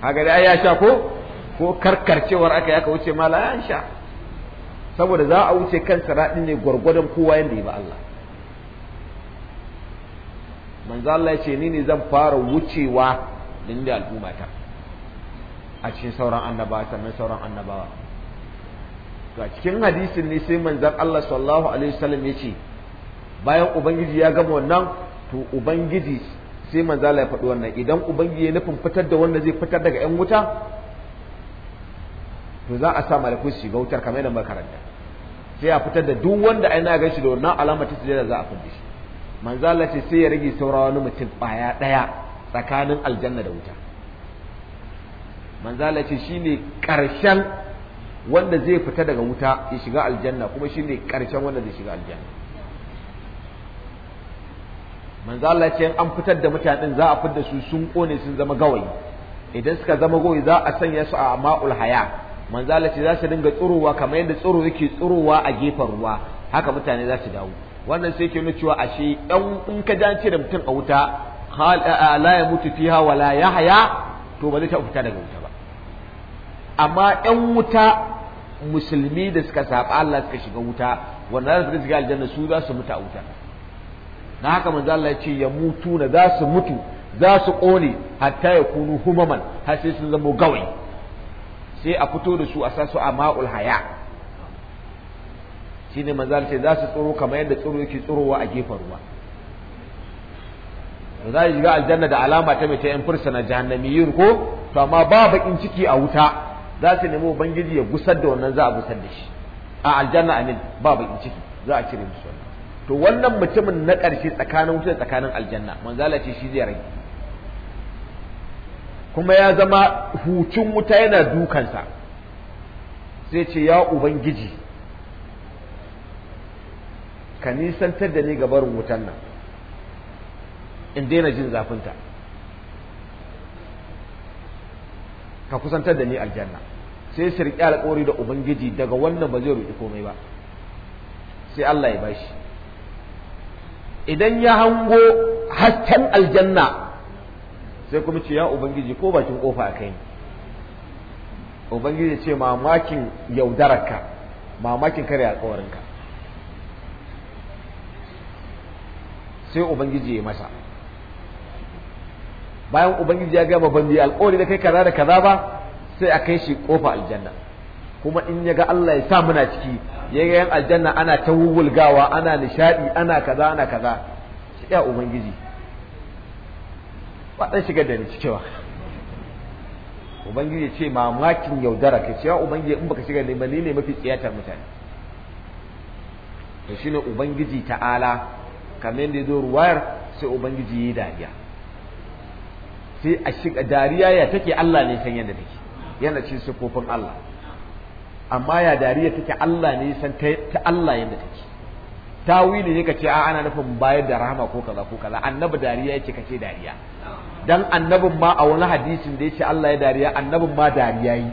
[SPEAKER 1] kaga dai ya sha ko ko karkarcewar aka yaka wuce mala ya sha saboda za a wuce kansa radin ne gwargwadon kowa yanda ya ba Allah manzo Allah ya ce ni ne zan fara wucewa din da al'umma ta a cikin sauran annabawa sannan sauran annabawa to a cikin hadisin ne sai manzon Allah sallallahu alaihi wasallam ya ce bayan ubangiji ya gama wannan to ubangiji sai manzo Allah ya faɗi wannan idan ubangiji ya nufin fitar da wanda zai fitar daga yan wuta to za a sa malaku su shiga wutar kamar yadda makaranta sai a fitar da duk wanda na ga shi da wannan alamar ta da za a fitar da shi manzo Allah ce sai ya rage saura wani mutum baya daya tsakanin aljanna da wuta manzo Allah ce shine karshen wanda zai fita daga wuta ya shiga aljanna kuma shine karshen wanda zai shiga aljanna manzo Allah ce an fitar da mutanen za a fitar su sun kone sun zama gawayi idan suka zama gawayi za a sanya su a ma'ul haya manzo Allah ce za su dinga tsurowa kamar yadda tsuro yake tsurowa a gefen ruwa haka mutane za su dawo wannan sai ke nuna cewa ashe ɗan in ka jance da mutum a wuta la ya mutu fiha wa la ya haya to ba zai ta fita daga wuta ba amma ɗan wuta musulmi da suka saba Allah suka shiga wuta wannan suka shiga aljanna su za su mutu a wuta na haka manzo Allah ya ce ya mutu na za su mutu za su kone hatta ya kunu humaman har sai sun zama gawai sai a fito da su a sasu a ma'ul haya' Shi ne manzal ce za su tsoro kamar yadda tsoro yake tsorowa a gefen ruwa za a shiga aljanna da alama ta mai ta yan fursuna yin ko to amma ba bakin ciki a wuta za su nemi ubangiji ya gusar da wannan za a gusar da shi a aljanna amin ba bakin ciki za a cire musu wannan to wannan mutumin na ƙarshe tsakanin wuta da tsakanin aljanna manzala ce shi zai rage kuma ya zama hucin wuta yana dukansa sai ce ya ubangiji ka nisantar da ni ga barin wutan nan in daina jin zafinta ka kusantar da ni aljanna sai su riƙe alƙawari da ubangiji daga wannan ba zai roƙi komai ba sai Allah ya bashi idan ya hango hasken aljanna sai kuma ce ya ubangiji ko bakin kofa a kai ubangiji ce mamakin yaudararka mamakin kare alƙawarinka sai ubangiji ya masa bayan ubangiji ya gama bandi alƙawari da kai kaza da kaza ba sai a kai shi kofa aljanna kuma in ya ga Allah ya sa muna ciki ya ga yan aljanna ana ta wulgawa ana nishadi ana kaza ana kaza shi ya ubangiji ba dan shiga da ni cewa ubangiji ya ce mamakin yaudara ka cewa ubangiji in baka shiga ni ne mafi tsiyatar mutane to shine ubangiji ta'ala kamar yadda ya zo ruwayar sai ubangiji ya yi dariya sai a shiga dariya ya take Allah ne san yadda take yana cin sukofin Allah amma ya dariya take Allah ne san ta Allah yadda take ta wili ne kace a ana nufin bayar da rahama ko kaza ko kaza annabi dariya yace kace dariya dan annabin ma a wani hadisin da yace Allah ya dariya annabin ma dariya yi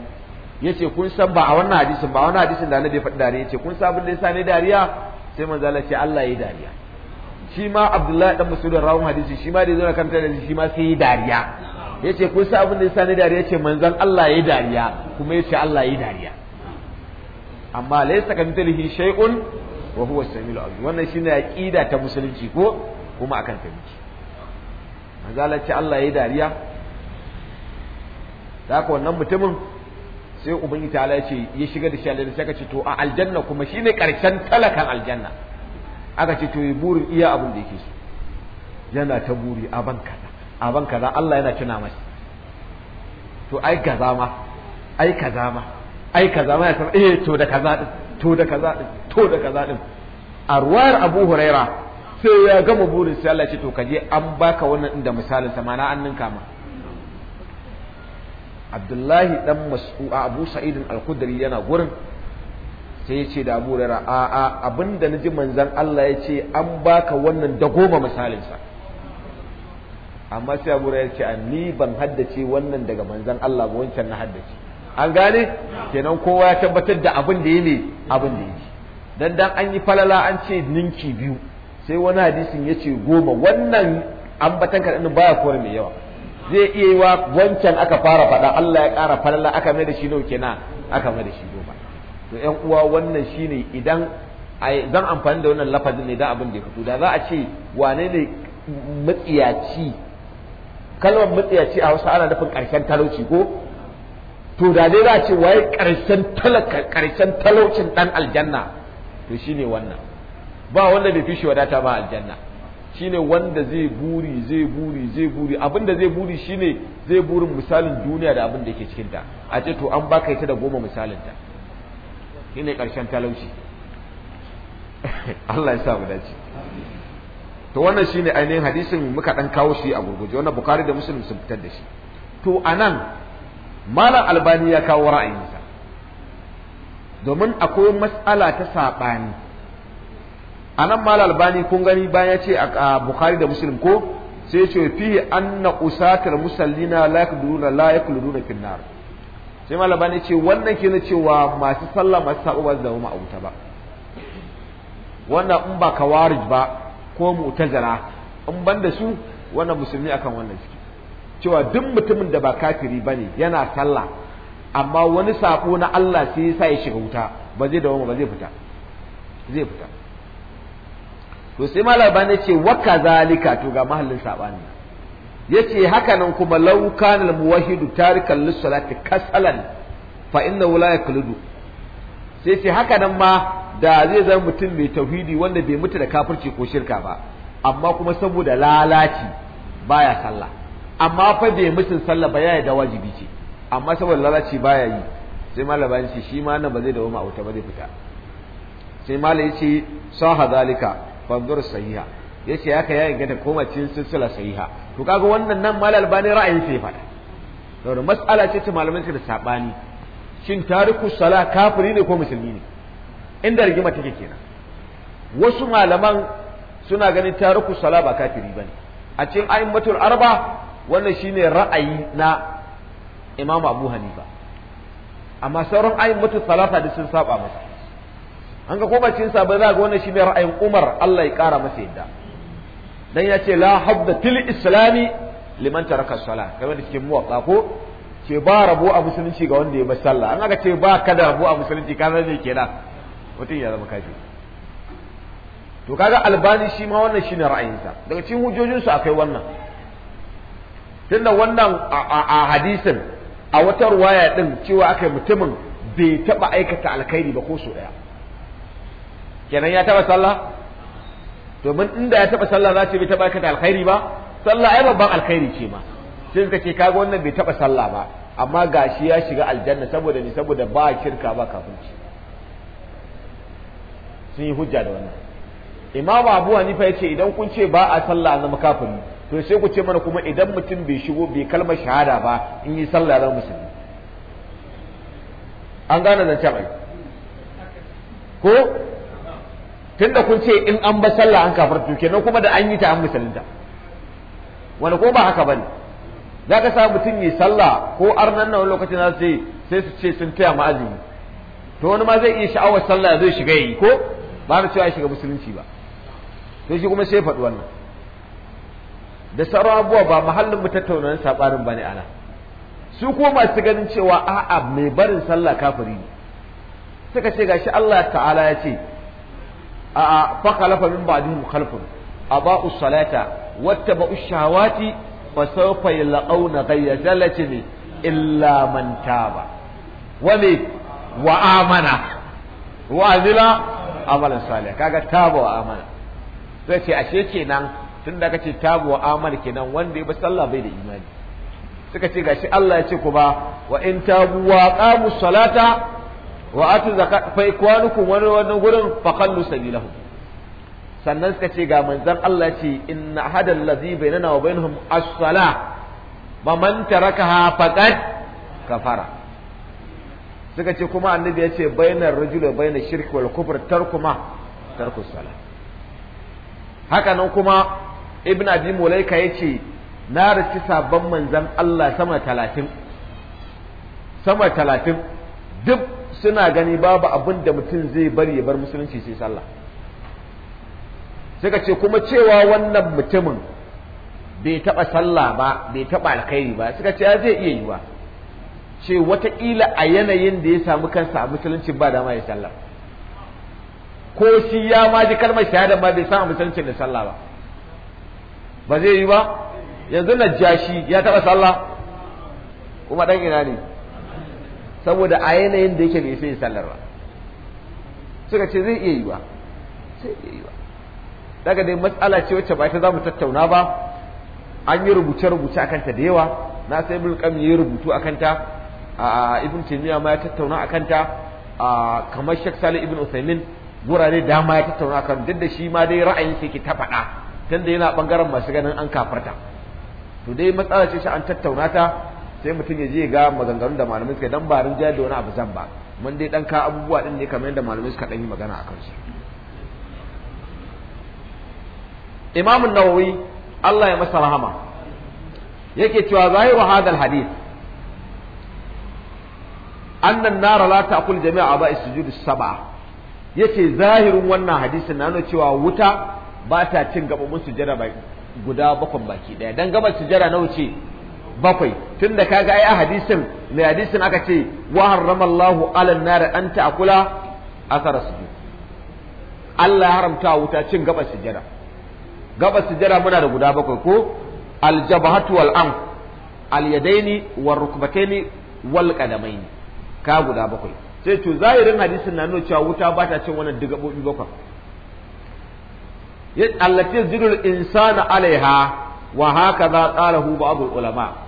[SPEAKER 1] yace kun san ba a wannan hadisin ba a wannan hadisin da Allah bai faɗi dariya yace kun san abin da yasa ne dariya sai manzo Allah ce Allah ya yi dariya shi ma abdullahi ɗan masudin rawun hadisi shi ma da zo na kanta da shi ma sai yi dariya ce kun sa abin da yasa ni dariya ce manzan Allah yi dariya kuma ya ce Allah yi dariya amma laysa kamithlihi shay'un wa huwa as-samiul alim wannan shine aqida ta musulunci ko kuma akan ta miki manzala ce Allah yayi dariya da haka wannan mutumin sai ubangiji ta ya ce ya shiga da shi aljanna sai ka ce to a aljanna kuma shine karshen talakan aljanna aka ce to yi burin iya abin da yake so yana ta buri a ban kaza a ban kaza Allah yana tuna masa to ai kaza ma ai kaza ma ai kaza ma ya san eh to da kaza din to da kaza din to da kaza din a ruwayar Abu Huraira sai ya gama burin sai Allah ce to kaje an baka wannan inda misalin sa mana an ninka ma Abdullahi dan Mas'ud Abu Sa'id al-Khudri yana gurin sai ya ce da abu rara a a abin da na ji manzan Allah ya ce an baka wannan da goma misalinsa amma sai abu rara ya ce ni ban haddace wannan daga manzan Allah ba wancan na haddace an gane kenan kowa ya tabbatar da abin da ya ne abin da ya ji dan dan an yi falala an ce ninki biyu sai wani hadisin ya ce goma wannan ambatan kaɗan baya kore mai yawa zai iya yi wa wancan aka fara faɗa Allah ya ƙara falala aka mai da shi nau kenan aka mai da shi goma to ƴan uwa wannan shine idan zan amfani da wannan lafazin ne da abin da ya fito da za a ce wane ne matsiyaci kalmar matsiyaci a wasu ana nufin ƙarshen talauci ko to da dai za a ce waye ƙarshen ƙarshen talaucin dan aljanna to shine wannan ba wanda bai fi shi wadata ba aljanna shine wanda zai buri zai buri zai buri abin da zai buri shine zai burin misalin duniya da abin da yake cikinta a ce to an baka ita da goma misalin ta ne karshen talauci Allah ya sa mu dace to wannan shine ainihin hadisin muka dan kawo shi a gurguje wannan bukari da Muslim sun fitar da shi to anan malam Albani ya kawo ra'ayinsa domin akwai mas'ala ta sabani anan malam Albani kun gani bayan ya ce a bukari da Muslim ko sai ya ce fihi anna usatul musallina la yakduruna la yakduruna sai malaba ne ce wannan ke na cewa masu sallah masu sabo ba zama ma'abuta ba wannan in ba kawarij ba ko mu'tazila in ban da su wannan musulmi akan wannan ciki cewa duk mutumin da ba kafiri ba ne yana sallah amma wani sako na Allah sai sa ya shiga wuta ba zai dawo ba zai fita zai fita to sai malaba ne ce wa kazalika to ga mahallin sabani yace haka nan kuma law kana muwahhidu tarikan lis kasalan fa inna la yakludu sai ce haka nan ma da zai zama mutum mai tauhidi wanda bai mutu da kafirci ko shirka ba amma kuma saboda lalaci baya sallah amma fa bai mutun sallah ba yayi da wajibi ce amma saboda lalaci baya yi sai malaba ya ce shi ma nan ba zai dawo ma auta ba zai fita sai malai ce sahha zalika fanzur sahiha ya ce haka ya inganta koma cikin silsila sahiha to kaga wannan nan mal albani ra'ayin sai fada saboda mas'ala ce ce malamin suka da sabani shin tariku sala kafiri ne ko musulmi ne inda rigima take kenan wasu malaman suna ganin tariku sala ba kafiri bane a cikin a'immatul arba wannan shine ra'ayi na Imam Abu Hanifa amma sauran a'immatul salata da sun saba masa an ga ko bacin ba za ga wannan shine ra'ayin Umar Allah ya kara masa yadda dan ya ce la habda til islami liman taraka sala kamar da cikin muwatta ko ce ba rabo a musulunci ga wanda ya bar sallah an aka ce ba kada rabo a musulunci ka zai kenan mutum ya zama kafi to kaga albani shi ma wannan shine ra'ayinsa daga cikin su akai wannan tunda wannan a hadisin a wata ruwaya din cewa akai mutumin bai taba aikata alkhairi ba ko so daya kenan ya taba sallah domin inda ya taba sallah za ce bai taɓa aikata alkhairi ba sallah ai babban alkhairi ce ma sai suka ce kaga wannan bai taba sallah ba amma gashi ya shiga aljanna saboda ne saboda ba shirka ba kafirci sun yi hujja da wannan imamu abu hanifa yace idan kun ce ba a sallah na kafiri to sai ku ce mana kuma idan mutum bai shigo bai kalmar shahada ba in yi sallah na musulmi an gane zancen ai ko Tun da kun ce in an ba sallah an kafar tuke kenan kuma da an yi ta an musalinta wani ko ba haka bane za ka sa mutum yi sallah ko arnan nan lokacin za su sai su ce sun taya ma'azini to wani ma zai iya sha'awar sallah zai shiga yi ko ba na cewa ya shiga musulunci ba to shi kuma sai faɗi wannan da sauran abubuwa ba mahallin mu tattauna sabarin bane ana su ko masu ganin cewa a'a mai barin sallah kafiri ne suka ce gashi Allah ta'ala ya ce a fa khalafa min ba'dihim ba aba'u salata wattaba'u shahawati fa sawfa yalqauna ghayra ne illa man taba wa wa amana wa zila amalan salih kaga taba wa amana sai ce ashe kenan tun da kace taba wa amana kenan wanda ya bi sallah bai da imani suka ce gashi Allah ya ce ku ba wa in tabu wa qamu salata wa atu zakat fa ikwanukum wani wannan gurin fa khallu sabilahu sannan suka ce ga manzon Allah ce inna hadal ladhi bainana wa bainahum as-salah man tarakaha faqad kafara suka ce kuma annabi ya ce bainar rajul bainar shirk wal kufr tarkuma tarku salah haka nan kuma ibnu abi mulaika yace na raci sabon manzon Allah sama talatin sama talatin duk suna gani babu abin da mutum zai bari ya bar musulunci sai sallah suka ce kuma cewa wannan mutumin bai taɓa sallah ba bai taɓa alkhairi ba suka ce zai iya yiwa ce wataƙila a yanayin da ya samu kansa a musulunci ba dama ya sallah ko shi ya ma ji kalmar shahada ma bai samu musulunci da sallah ba ba zai yi ba yanzu jashi ya taɓa sallah kuma ɗan ina ne saboda a yanayin da yake mai sai sallar ba suka ce zai iya yi ba zai iya yi ba daga dai matsala ce wacce ba ita za mu tattauna ba an yi rubuce-rubuce a kanta da yawa na sai bulkam ya yi rubutu a kanta a ibn taymiya ma ya tattauna a kanta a kamar shek salih ibn usaimin wurare dama ya tattauna kan duk da shi ma dai ra'ayin sai ke ta faɗa tunda yana bangaren masu ganin an kafarta to dai matsala ce shi an tattauna ta sai mutum ya je ga maganganun da malamai suka dan barin jayar da wani abu zan ba mun dai dan ka abubuwa din ne kamar yadda malamai suka dan yi magana akan su Imam Nawawi Allah ya masa rahama yake cewa zahiru hadal hadith an nara la ta'kul jami'a aba'i sujud sab'a yace zahirin wannan hadisin na nuna cewa wuta ba ta cin gaba mun sujada guda bakon baki daya dan gaba sujada na wuce. bakwai tun da kaga ai a hadisin mai hadisin aka ce wa harramallahu alan nar an akula asara sujud Allah ya haramta wuta cin gabas sujada gabas sujada muna da guda bakwai ko aljabhatu wal anf al yadaini war rukbataini wal qadamaini ka guda bakwai sai to zahirin hadisin na nuna cewa wuta ba ta cin wannan digabobi bakwai allati zidul insana alaiha wa hakaza qalahu ba'd ulama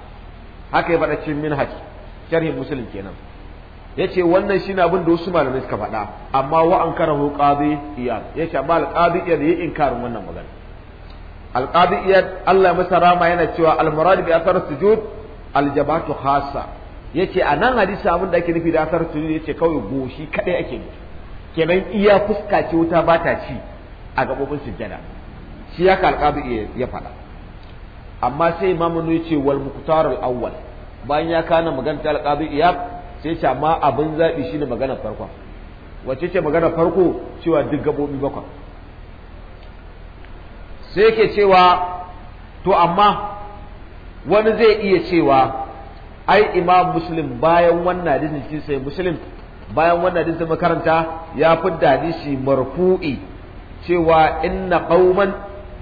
[SPEAKER 1] haka ya faɗa cikin minhaj sharhin muslim kenan yace wannan shine abin da wasu malamai suka faɗa amma wa an karahu qadi iyad yace amma al-qadi iyad yayi inkarin wannan magana al-qadi iyad Allah masa rama yana cewa al-murad bi athar sujud al-jabatu khassa yace a nan hadisi abin da ake nufi da athar sujud yace kawai goshi kadai ake nufi kenan iya fuska ce wuta ba ta ci a gabobin sujada, shi haka al-qadi ya faɗa amma sai imamu ne ce wal muktar al awwal bayan ya kana magana ta alqabi iyab sai ce amma abin zabi shine magana farko Wace ce magana farko cewa duk gabobi bakwa sai yake cewa to amma wani zai iya cewa ai imam muslim bayan wannan hadisin shi sai muslim bayan wannan hadisin makaranta ya fi hadisi marfu'i cewa inna qauman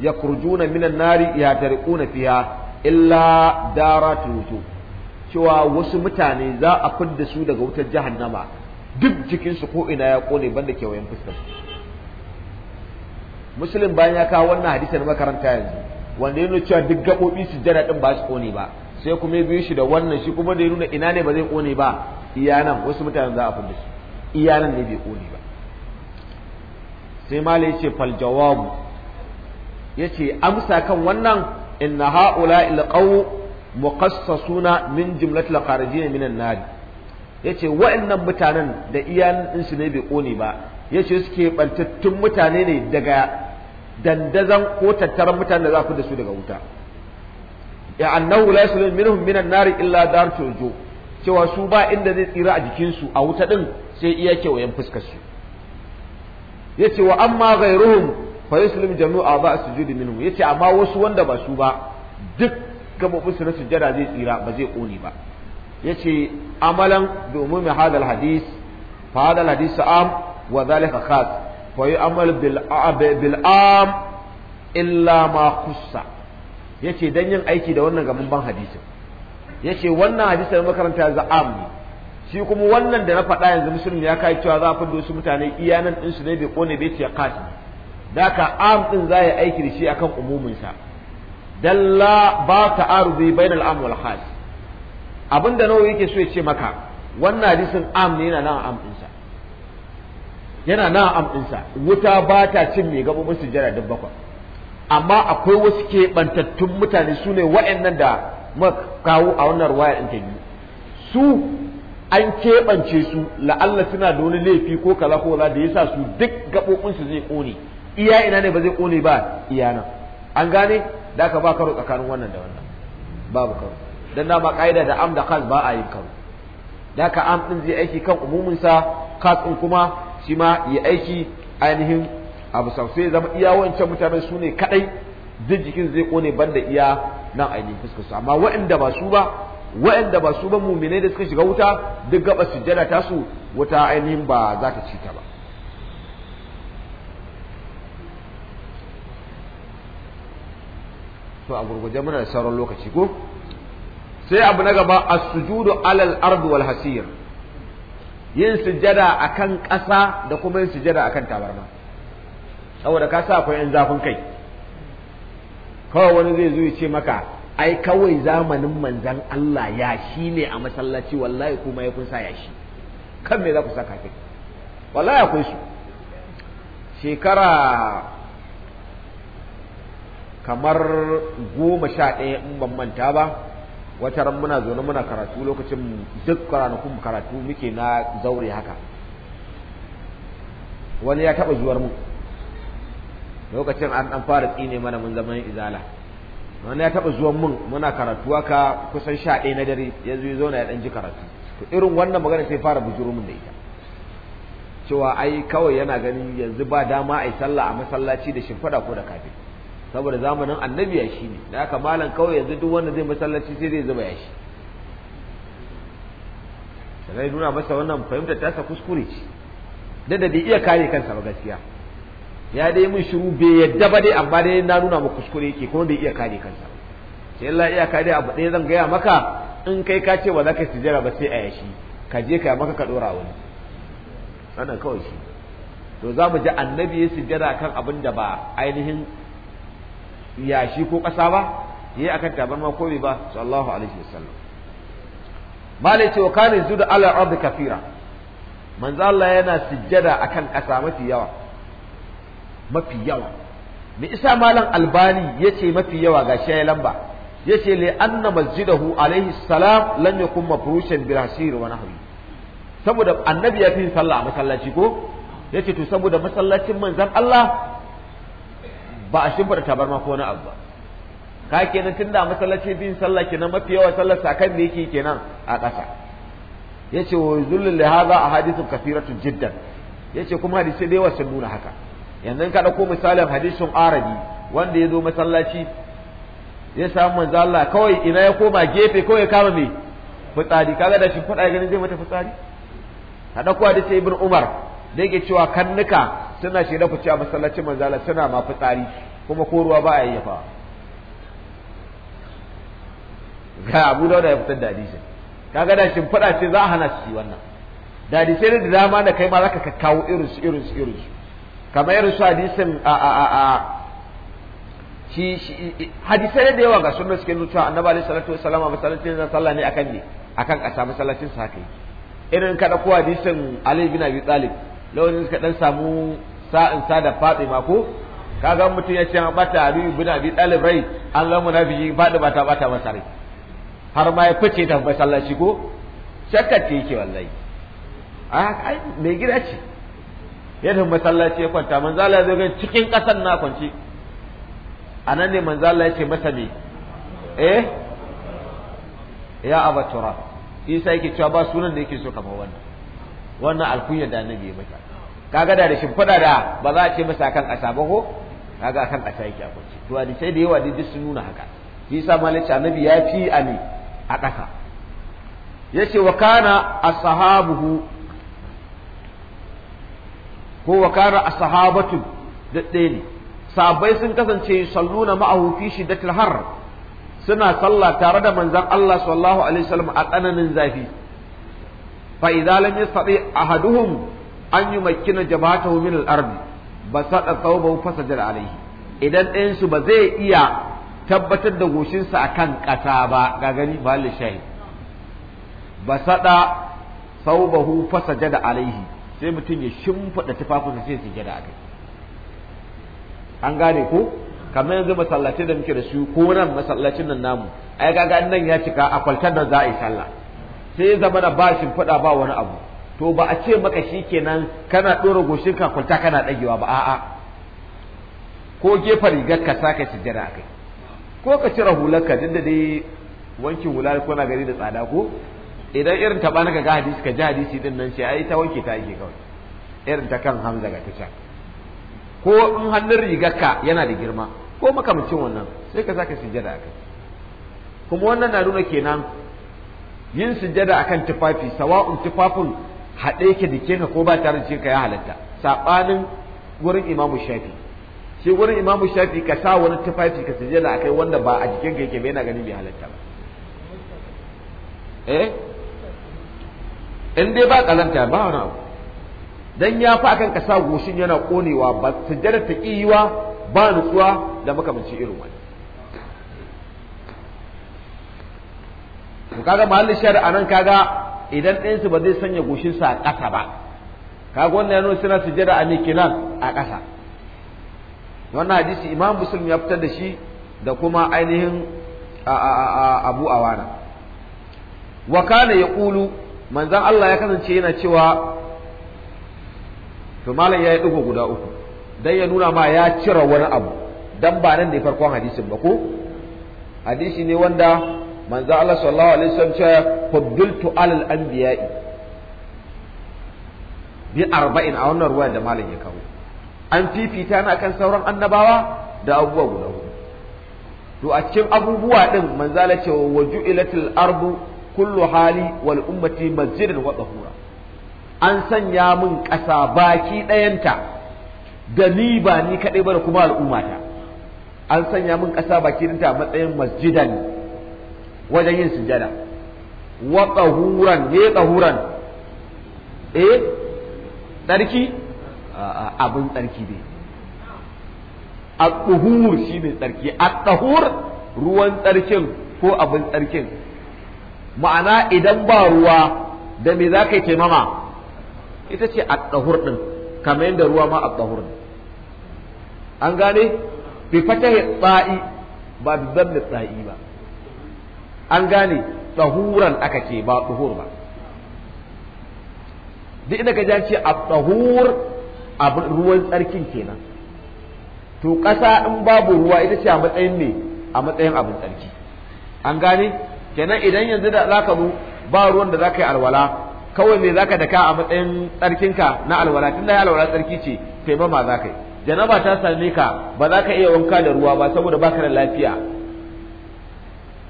[SPEAKER 1] yakhrujuna minan nari yatarquna fiha illa darat wujuh cewa wasu mutane za a fidda su daga wutar jahannama duk jikinsu ko ina ya kone banda kewayen fuskar muslim bayan ya kawo wannan hadisan makaranta yanzu wanda ya nuna cewa duk su jira ɗin ba su kone ba sai kuma ya shi da wannan shi kuma da ina ne ba zai kone ba iyanan wasu mutane za a fidda su iyanan ne bai kone ba sai malai ya ce fal jawabu yace amsa kan wannan inna haula ilqaw muqassasuna min jumlatil kharijin minan nar yace wa'annan mutanen da din su ne bai kone ba yace suke bantattun mutane ne daga dandazan ko tattaran mutanen da za ku da su daga wuta ya annahu la yasulun minhum minan nar illa dar tuju cewa su ba inda zai tsira a jikinsu a wuta din sai iya kewayen fuskar su yace wa amma ghayruhum fa yuslim jami'a ba sujudi minhu yace amma wasu wanda ba su ba duk gabobin su na sujada zai tsira ba zai kone ba yace amalan bi umumi hadal hadis fa hadal hadis am wa zalika khas fa yu'amal bil bil am illa ma khussa yace dan yin aiki da wannan gaban ban hadisin yace wannan hadisin makaranta za am ne shi kuma wannan da na faɗa yanzu musulmi ya kai cewa za a fiddo su mutane iyanan ɗinsu ne bai kone bai ce khas daka am din za ya aiki da shi akan umuminsa dalla ba ta bai bainal am wal khas abinda nawa yake so ya ce maka wannan hadisin am ne yana nan am ɗinsa yana nan am wuta ba ta cin mai musu jira duk bakwai amma akwai wasu keɓantattun mutane su ne waɗannan da muka kawo a wannan ruwaya ɗin ta biyu su an keɓance su la'alla suna da wani laifi ko kaza ko da yasa su duk gaɓoɓinsu zai ƙone iya ina ne ba zai kone ba iya nan an gane da ka ba karo tsakanin wannan da wannan babu karo dan na ma kaida da am da khas ba a yin karo da ka am din zai aiki kan umumin sa khas din kuma shi ma ya aiki ainihin abu sau sai zama iya wancan mutanen su ne kadai duk jikin zai kone banda iya nan ainihin fuskar su amma waɗanda ba su ba waɗanda ba su ba muminai da suka shiga wuta duk gaba sujjada tasu wuta ainihin ba za ta ci ta ba to a gurguje muna da sauran lokaci ko sai abu na gaba as-sujudu alal ardu wal hasir yin sujada akan ƙasa da kuma yin sujada akan tabarma saboda ka sa akwai yan zafin kai kawai wani zai zo ya ce maka ai kawai zamanin manzan Allah ya shi ne a masallaci wallahi kuma ya kun sa ya shi kan me za ku saka kai wallahi akwai su shekara kamar goma sha ɗaya in ban manta ba wata ran muna zaune muna karatu lokacin duk ranakun karatu muke na zaure haka wani ya taɓa zuwar mu lokacin an ɗan fara tsine mana mun zama izala wani ya taɓa zuwan mun muna karatu haka kusan sha ɗaya na dare ya zo ya zauna ya ɗan ji karatu to irin wannan magana sai fara bujuro mun da ita cewa ai kawai yana ganin yanzu ba dama ai sallah a masallaci da shimfiɗa ko da kafin saboda zamanin annabi ya shi ne da aka malam kawai yanzu duk wanda zai masallaci sai zai zuba ya shi sannan nuna masa wannan fahimtar tasa kuskure ce da da bai iya kare kansa ba gaskiya ya dai mun shiru bai yadda ba dai amma dai na nuna ma kuskure yake kuma bai iya kare kansa sai Allah iya kare abu ɗaya zan gaya maka in kai ka ce ba za ka sijira ba sai a yashi ka je ka maka ka ɗora wani wannan kawai shi to za mu ji annabi ya sijira kan abin da ba ainihin yashi ko ƙasa ba yayi akan tabarma ko bai ba sallallahu alaihi wasallam malai cewa kana zuda ala ardi kafira manzo Allah yana sujjada akan ƙasa mafi yawa mafi yawa me isa malam albani yace mafi yawa ga shi lamba yace li anna masjidahu alaihi salam lan yakun mafrushan bil hasir wa nahwi saboda annabi ya fi sallah a masallaci ko yace to saboda masallacin manzon Allah ba a shimfar tabarma ko na abu ba ka kenan tunda masallaci bin sallah kenan mafi yawa sallar sakan da yake kenan a ƙasa yace wa zullul hadha ahadithu kathiratun jiddan yace kuma hadisi da yawa sun nuna haka yanzu ka dauko misalin hadisin arabi wanda ya zo masallaci ya samu manzo Allah kawai ina ya koma gefe kawai ya kama me fitsari kaga da shi fada ganin zai mata fitsari ka dauko hadisi ibn umar da yake cewa kannuka tana shi na kuce a masallacin manzala tana ma fitsari kuma koruwa ba a yafa. ga abu da ya fitar da hadisin kaga da shin fada ce za a hana su wannan da hadisai da dama da kai ma zaka kawo irin su irin su irin su kamar irin su hadisin a a a shi hadisai da yawa ga sunna suke nuna cewa annabi alaihi salatu a masallacin da sallah ne akan ne akan ƙasa masallacin sa kai irin kada ko hadisin Ali bin Abi Talib lawan suka dan samu sa da faɗi ko kaga mutum ya ce an bata abi bin abi talib rai an ga munafiki fadi bata bata masa rai har ma ya fice ta masallaci ko shakka ce yake wallahi a kai mai gida ce ya masallaci ya kwanta manzo Allah ya zo ga cikin kasan na A anan ne manzo Allah ya ce masa me eh ya abatura isa yake cewa ba sunan da yake so kamar wannan wannan alkunya da annabi ya mata kaga da da fada da ba za a ce masa kan ƙasa ba ko kaga kan ƙasa yake a kwance to hadisai da yawa duk sun nuna haka shi yasa malik annabi ya fi a ne a ƙasa yace wa kana ashabuhu ko wa kana ashabatu daɗe ne sabai sun kasance salluna ma'ahu fi shiddatil har suna sallah tare da manzon Allah sallallahu alaihi wasallam a tsananin zafi fa idza lam yastati ahaduhum an yi makina jabata min al-ardi ba sada thawbahu fasajara alaihi idan ɗayan ba zai iya tabbatar da goshinsa akan ƙasa ba ga gani ba lishayi ba sada alaihi sai mutum ya shimfiɗa tufafinsa sai sujada a kai an gane ko kamar yanzu masallacin da muke da su ko nan masallacin nan namu ai ga nan ya cika a kwaltar da za a yi sallah sai ya zama da ba shimfiɗa ba wani abu to ba a ce maka shi kenan kana ɗora goshin ka kana ɗagewa ba a'a ko gefen rigar ka saka sujjada a kai ko ka cire hular ka da dai wankin hular ko na gari da tsada ko idan irin ta bana ga hadisi ka ji hadisi din nan sai ai ta wanke ta ake kawai irin ta kan hamza ga ta ko in hannun rigar ka yana da girma ko makamcin wannan sai ka saka sujjada a kai kuma wannan na nuna kenan yin sujjada akan tufafi sawa'un tufafin haɗe yake dake ka ko ba tare da ka ya halatta saɓanin wurin imamu shafi shi wurin imamu shafi ka sa wani tufafi ka aka akai wanda ba a jikinka yake bai na gani bai halatta ba eh in dai ba kalanta ba wani abu dan ya fa akan ka sa goshin yana konewa ba sujjada ta kiyiwa ba nutsuwa da makamanci irin wani kaga mahallin shari'a nan kaga idan ɗayansu ba zai sanya goshinsa a ƙasa ba kaga wannan yana suna sujada a mikinan a ƙasa wannan hadisi imam muslim ya fitar da shi da kuma ainihin abu awana wa kana ya ƙulu manzan Allah ya kasance yana cewa to ya yi ɗigo guda uku dan ya nuna ma ya cire wani abu dan ba nan da farkon hadisin ba ko hadisi ne wanda manzo Allah sallallahu alaihi wasallam cewa fuddiltu alal anbiya'i bi arba'in a wannan ruwaya da malam ya kawo an fifita na kan sauran annabawa da abubuwa guda hudu to a cikin abubuwa din manzo Allah cewa waju'ilatil ardu kullu hali wal ummati masjidan wa tahura an sanya min kasa baki ɗayanta da ni ba ni kaɗai ba da kuma al'ummata an sanya min ƙasa baki ɗayanta a matsayin masjidan wajen yin sujada, wa qahuran ne qahuran eh tsarki abin tsarki ne at shi ne tsarki at-tahur ruwan tsarkin ko abin tsarkin ma'ana idan ba ruwa da me za ka yi taimama ita ce a tahur ɗin kamar yadda ruwa ma a ɗahur an gane bi fata tsa'i ba bi zanne tsa'i ba an gane tsahuran aka ce ba tsuhur ba duk inda ka ji ce a tsahur abu ruwan tsarkin kenan to ƙasa in babu ruwa ita ce a matsayin ne a matsayin abin tsarki an gane kenan idan yanzu da za ka zo ba ruwan da ka yi alwala kawai za ka daka a matsayin tsarkinka na alwala Tun da ya alwala tsarki ce taimama za ka yi janaba ta same ka ba za ka iya wanka da ruwa ba saboda ba ka da lafiya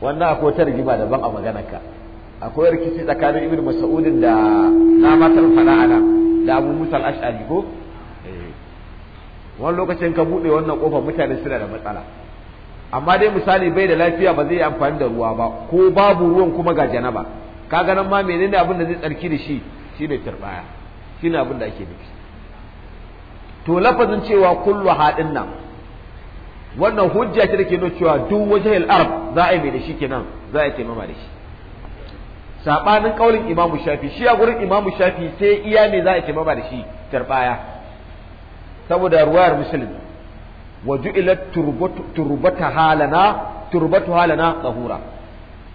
[SPEAKER 1] wannan akwai wata rigima daban a maganarka akwai rikici tsakanin ibn mas'udin da na matar fada ana da abu musa ashari ko eh. wani lokacin ka bude wannan kofar mutane suna da matsala amma dai misali bai da lafiya ba zai yi amfani da ruwa ba ko babu ruwan kuma ga janaba ka ganin ma menene abin da zai tsarki da shi shine turbaya shine abin da ake nufi to lafazin cewa kullu haɗin nan wannan hujja ce da ke nuna cewa duk wajen arab za a yi mai da shi kenan za a yi taimama da shi Saɓanin ƙaunin imamu shafi shi a gurin imamu shafi sai iya ne za a yi taimama da shi tarbaya saboda ruwayar musulun waju ila turbata halana turbatu halana tsahura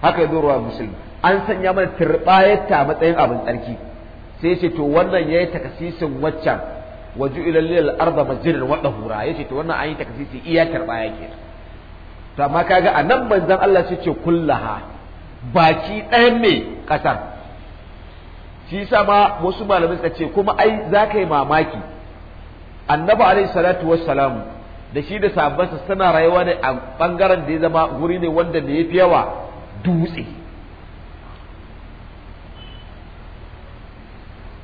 [SPEAKER 1] haka yazo ruwayar musulun. an sanya mana turbayarta matsayin abin tsarki sai ce to wannan ya yi takasisin waccan waju ila lil arda masjidan wa dahura yace to wannan ayi takasisi iya karba yake to amma kaga anan manzon Allah sai ce kullaha baki ɗayan me kasar shi yasa ma wasu malamai suka ce kuma ai za yi mamaki annabi alayhi salatu wassalam da shi da sahabbansa suna rayuwa ne a bangaren da ya zama guri ne wanda da yafi yawa dutse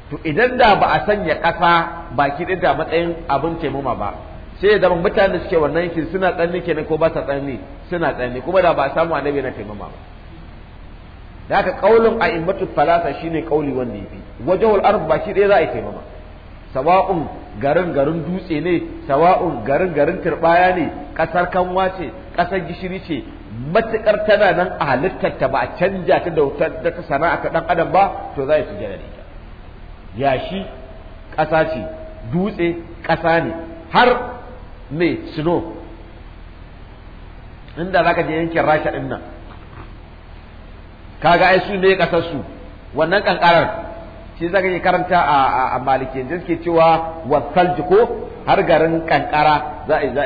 [SPEAKER 1] to idan da ba a sanya ƙasa baki ɗin da matsayin abin taimama ba sai ya zama mutane da suke wannan yankin suna tsanni kenan ko ba sa tsanni suna tsanni kuma da ba a samu annabi na taimama ba da haka kaulin a immatu falasa shine kauli wanda yafi wajhul ba baki ɗaya za a yi taimama sawa'un garin garin dutse ne sawa'un garin garin turbaya ne ƙasar kanwa ce ƙasar gishiri ce matukar tana nan a halittar ta ba a canja ta da ta sana'a ta dan adam ba to za a yi sujada ne yashi ƙasa ce dutse ƙasa ne har mai snow inda za ka je yankin rasha ɗin nan kaga ai su ne ƙasarsu wannan ƙanƙarar shi za ka yi karanta a malikiyar da suke cewa wasal ko har garin ƙanƙara za a yi za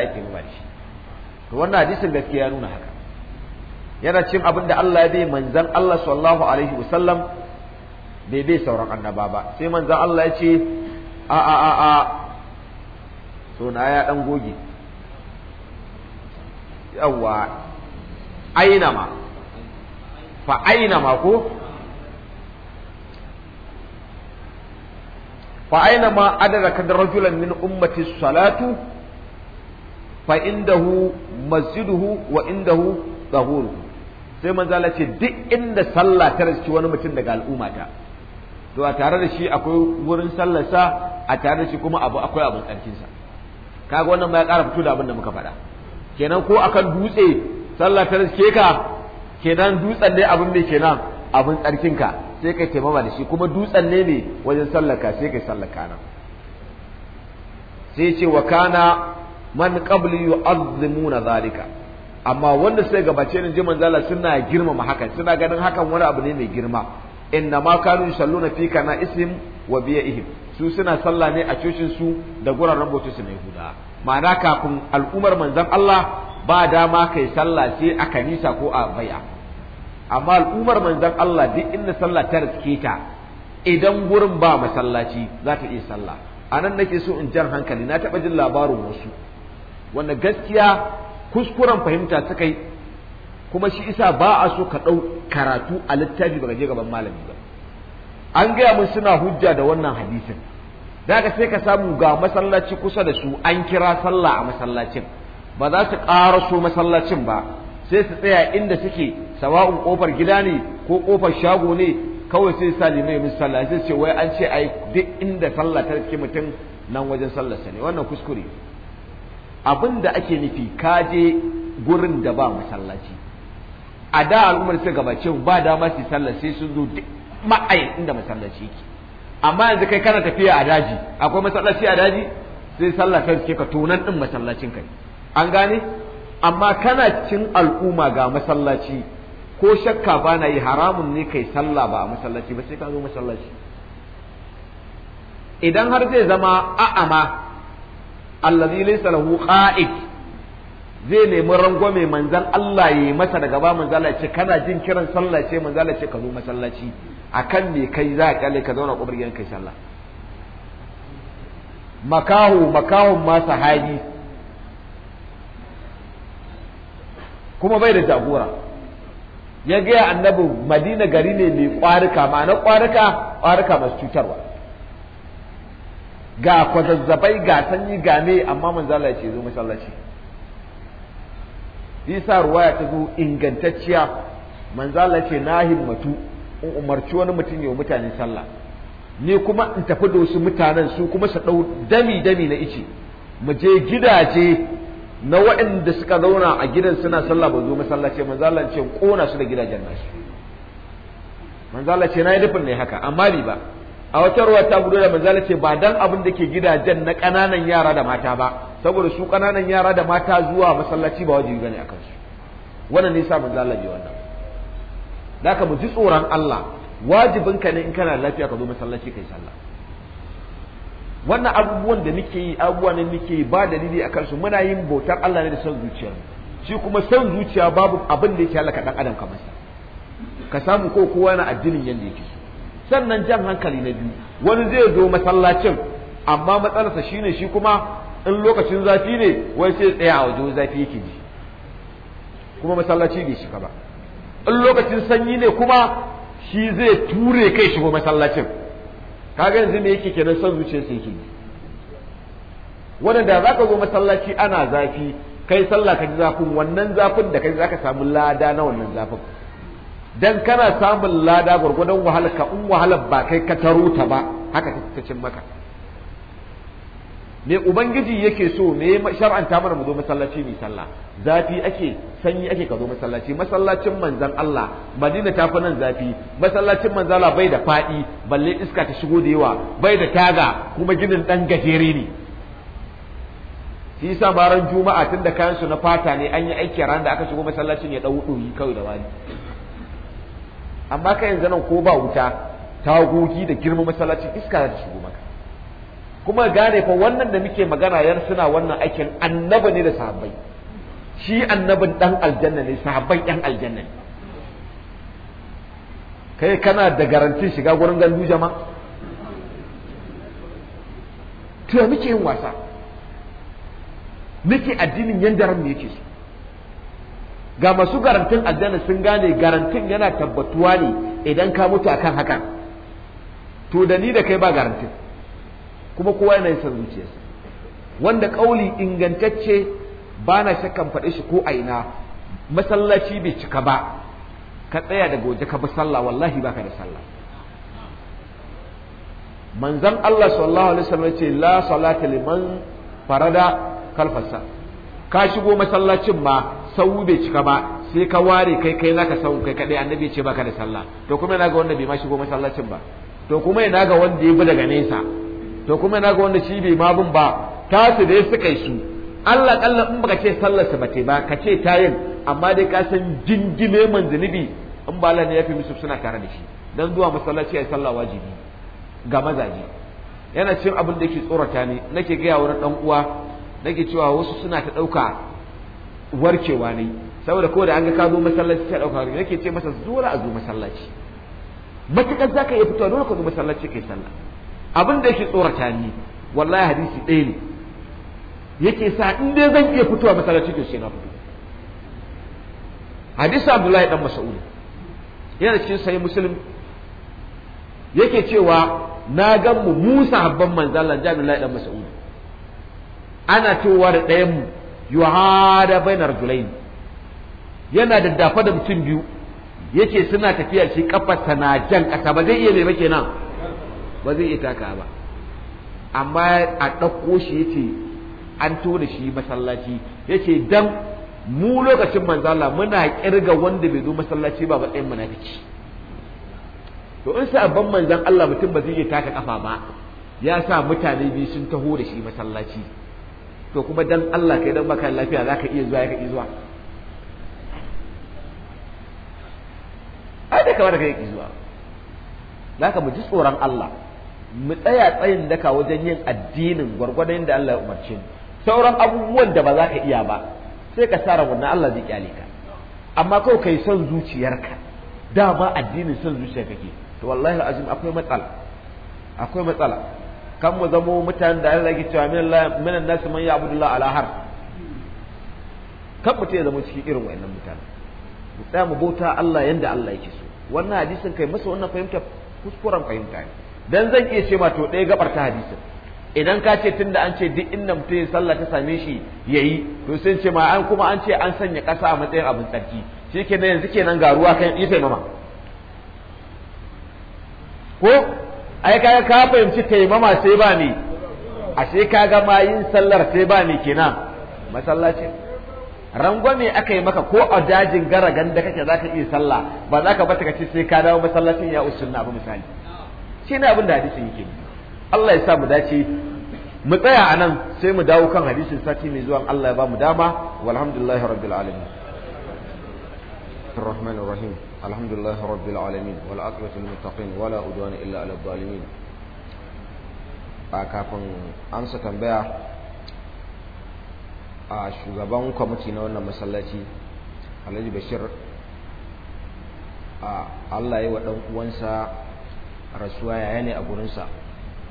[SPEAKER 1] to wannan hadisin gaskiya ya nuna haka yana cin abin da Allah ya bai manzon Allah sallallahu alaihi wasallam bai bai sauran annaba ba sai manzo Allah ya ce a a a a to na ya ɗan goge yawa aina ma fa ainama ko fa aina ma ainama adraka rajulan min ummati salatu fa indahu masjiduhu wa indahu zahuruhu sai manzo Allah ce duk inda sallah ta riski wani mutum daga al'umma ta. to a tare da shi akwai wurin sallarsa a tare da shi kuma abu akwai abin tsarkinsa kaga wannan ya ƙara fito da abin da muka faɗa kenan ko akan dutse sallar ta ka kenan dutsen ne abin mai kenan abin tsarkinka sai kai taimama da shi kuma dutsen ne ne wajen sallaka sai kai sallaka nan sai ce wa kana man qabli yu'azzimuna zalika amma wanda sai gabace ni jiman manzala suna girmama hakan suna ganin hakan wani abu ne mai girma inna ma kanu yusalluna fi kana islim wa biya'ihim su suna sallah ne a cocin su da guraren bautu su na huda. ma'ana kafin al'umar manzon Allah ba dama kai sallah sai a kanisa ko a bai'a amma al'umar manzon Allah duk inda sallah ta riske ta idan gurin ba masallaci za ta iya sallah anan nake so in jan hankali na taɓa jin labarin wasu wanda gaskiya kuskuren fahimta suka yi kuma shi isa ba a so ka ɗau karatu a littafi ba je gaban malami ba an gaya mun suna hujja da wannan hadisin ka sai ka samu ga masallaci kusa da su an kira sallah a masallacin ba za su ƙara so masallacin ba sai su tsaya inda suke sawa'un ƙofar gida ne ko ƙofar shago ne kawai sai sa limai min sallah sai ce wai an ce ai duk inda sallah ta ke mutum nan wajen sallarsa ne wannan kuskure abin da ake nufi ka je gurin da ba masallaci a da al'ummar suka gabace ba dama su sallah sai sun zo duk ma'ayin inda masallaci yake amma yanzu kai kana tafiya a daji akwai masallaci a daji sai sallah kai suke ka tonan din masallacin kai an gane amma kana cin al'umma ga masallaci ko shakka ba na yi haramun ne kai sallah ba a masallaci ba sai ka zo masallaci idan har zai zama a'ama allazi laysa lahu qa'id zai nemi rangwame manzan Allah ya yi masa daga ba manzan ce kana jin kiran sallah ce manzan ce ka zo masallaci A kan me kai za a kalle ka zauna kubar yankin sallah makahu makahu masa sahabi kuma bai da jagora ya gaya annabi madina gari ne mai kwarika ma'ana kwarika kwarika masu cutarwa ga kwazazzabai ga sanyi ga ne amma manzala ce zo masallaci shi sa ruwaya ta zo ingantacciya manzo Allah ce na himmatu in umarci wani mutum ya mutane sallah ni kuma in tafi da wasu mutanen su kuma su dau dami dami na ice mu je gidaje na waɗanda suka zauna a gidan suna sallah ba zo masallaci manzo Allah ce kona su da gidajen nasu manzo Allah ce na yi ne haka amma ba a wata ruwa ta gudu da manzala ce ba dan abin da ke gidajen na ƙananan yara da mata ba saboda su ƙananan yara da mata zuwa masallaci ba wajibi bane akan su wannan ne sa manzala wannan. wannan ka mu ji tsoron Allah wajibin ka ne in kana lafiya ka zo masallaci kai sallah wannan abubuwan da muke yi abubuwan da muke yi ba dalili akan su muna yin bautar Allah ne da son zuciya shi kuma son zuciya babu abin da yake halaka dan adam kamar sa ka samu ko kowa na addinin yanda yake so sannan jan hankali na biyu wani zai zo masallacin amma matsalarsa shine shi kuma in lokacin zafi ne wai sai tsaya a waje zafi yake ji kuma masallaci bai shiga ba in lokacin sanyi ne kuma shi zai ture kai shigo masallacin kaga yanzu me yake kenan son zuciyarsa yake ji wannan da zaka zo masallaci ana zafi kai sallah ka ji zafin wannan zafin da kai zaka samu lada na wannan zafin dan kana samun lada gwargwadon wahala ka in wahalar ba kai ka taro ta ba haka ta cin maka me ubangiji yake so me shar'anta mana mu zo masallaci mi sallah zafi ake sanyi ake ka zo masallaci masallacin manzan Allah Madina ta fa nan zafi masallacin manzon Allah bai da fadi balle iska ta shigo da yawa bai da taga kuma ginin dan gajere ne Sisa baran juma'a tunda kayan su na fata ne an yi aiki ran da aka shigo masallacin ya dau duri kawai da wani amma ka yanzu nan ko ba wuta tagogi da girma masallaci iska za ta shigo maka kuma gane fa wannan da muke magana yar suna wannan aikin annaba ne da sahabbai shi annabin dan aljanna ne sahabbai yan aljanna ne kai kana da garantin shiga gurin gandu jama to muke yin wasa muke addinin yanda ran yake shi ga masu garantin aljanna sun gane garantin yana tabbatuwa ne idan ka mutu akan hakan to da ni da kai ba garantin kuma kowa yana yin zuciyarsa wanda kauli ingantacce ba na shakkan faɗe shi ko a ina masallaci bai cika ba ka tsaya da goje ka bi sallah wallahi baka da sallah manzan Allah sallallahu alaihi wasallam ce la salata liman farada kalfasa ka shigo masallacin ma sau bai cika ba sai ka ware kai kai naka sau kai kadai annabi ya ce baka da sallah to kuma yana ga wanda bai ma shigo masallacin ba to kuma yana ga wanda ya bi daga nesa to kuma yana ga wanda shi bai ma bin ba su dai suka yi su Allah kalla in baka ce sallar ba bace ba ka ce ta yin. amma dai ka san jingime man zunubi in ba Allah ne ya fi musu suna tare da shi dan zuwa masallaci ai sallah wajibi ga mazaje yana cin abin da yake tsorata ne nake ga wurin dan uwa nake cewa wasu suna ta dauka warkewa ne saboda ko da an ga ka zo masallaci ka dauka ne yake ce masa zuwa a zo masallaci matakan zaka iya fitowa dole ka zo masallaci kai sallah abin da yake tsorata ni wallahi hadisi ɗaya ne yake sa in dai zan iya fitowa masallaci to sai na fito hadisi Abdullahi dan Mas'ud yana cikin sahih Muslim yake cewa na gan mu Musa habban manzo Allah Abdullahi dan Mas'ud ana cewa da ɗayan mu yuhada bayna rajulain yana da dafa da mutum biyu yace suna tafiya shi kafarsa na jan kasa ba zai iya ne ba kenan ba zai iya taka ba amma a ɗauko shi yace an tona shi masallaci yace dan mu lokacin manzala muna kirga wanda bai zo masallaci ba matsayin munafiki to in sabon manzan Allah mutum ba zai iya taka kafa ba ya sa mutane biyu sun taho da shi masallaci to kuma dan Allah kai dan baka lafiya zaka iya zuwa ka iya zuwa ai da kamar kai zuwa zaka mu ji tsoron Allah mu tsaya tsayin daka wajen yin addinin gwargwadon da Allah ya umarce mu sauran abubuwan da ba za ka iya ba sai ka sa wannan Allah zai kyale ka amma kai kai son zuciyarka dama addinin son zuciya kake to wallahi azim akwai matsala akwai matsala kan mu zamo mutanen da Allah yake cewa minan nasu man abudu Allah alahar kan mutum ya zama cikin irin wayannan mutane mu tsaya mu bauta Allah yanda Allah yake so wannan hadisin kai masa wannan fahimta kuskuren fahimta ne dan zan iya ce ma to ɗaya gabar ta hadisin idan ka ce tunda an ce duk inda mutum ya sallah ta same shi yayi to sun ce ma an kuma an ce an sanya ƙasa a matsayin abin tsarki shi shikenan yanzu kenan garuwa kan yi mama ko ai kaga ka fahimci taimama sai ba ni ashe kaga ma yin sallar sai ba ni kenan masallaci rangwame aka yi maka ko a dajin garagan da kake zaka iya sallah ba za ka bata kace sai ka dawo masallacin ya usunna ba misali shi ne abin da hadisin yake Allah ya sa mu dace mu tsaya anan sai mu dawo kan hadisin sati mai zuwa Allah ya ba mu dama walhamdulillahi rabbil alamin الرحمن الرحيم الحمد لله رب العالمين ولا إلا على الظالمين kafin amsa tambaya a kwamiti na wannan masallaci alhaji bashir a allah wa ɗan uwansa rasuwa ne gurinsa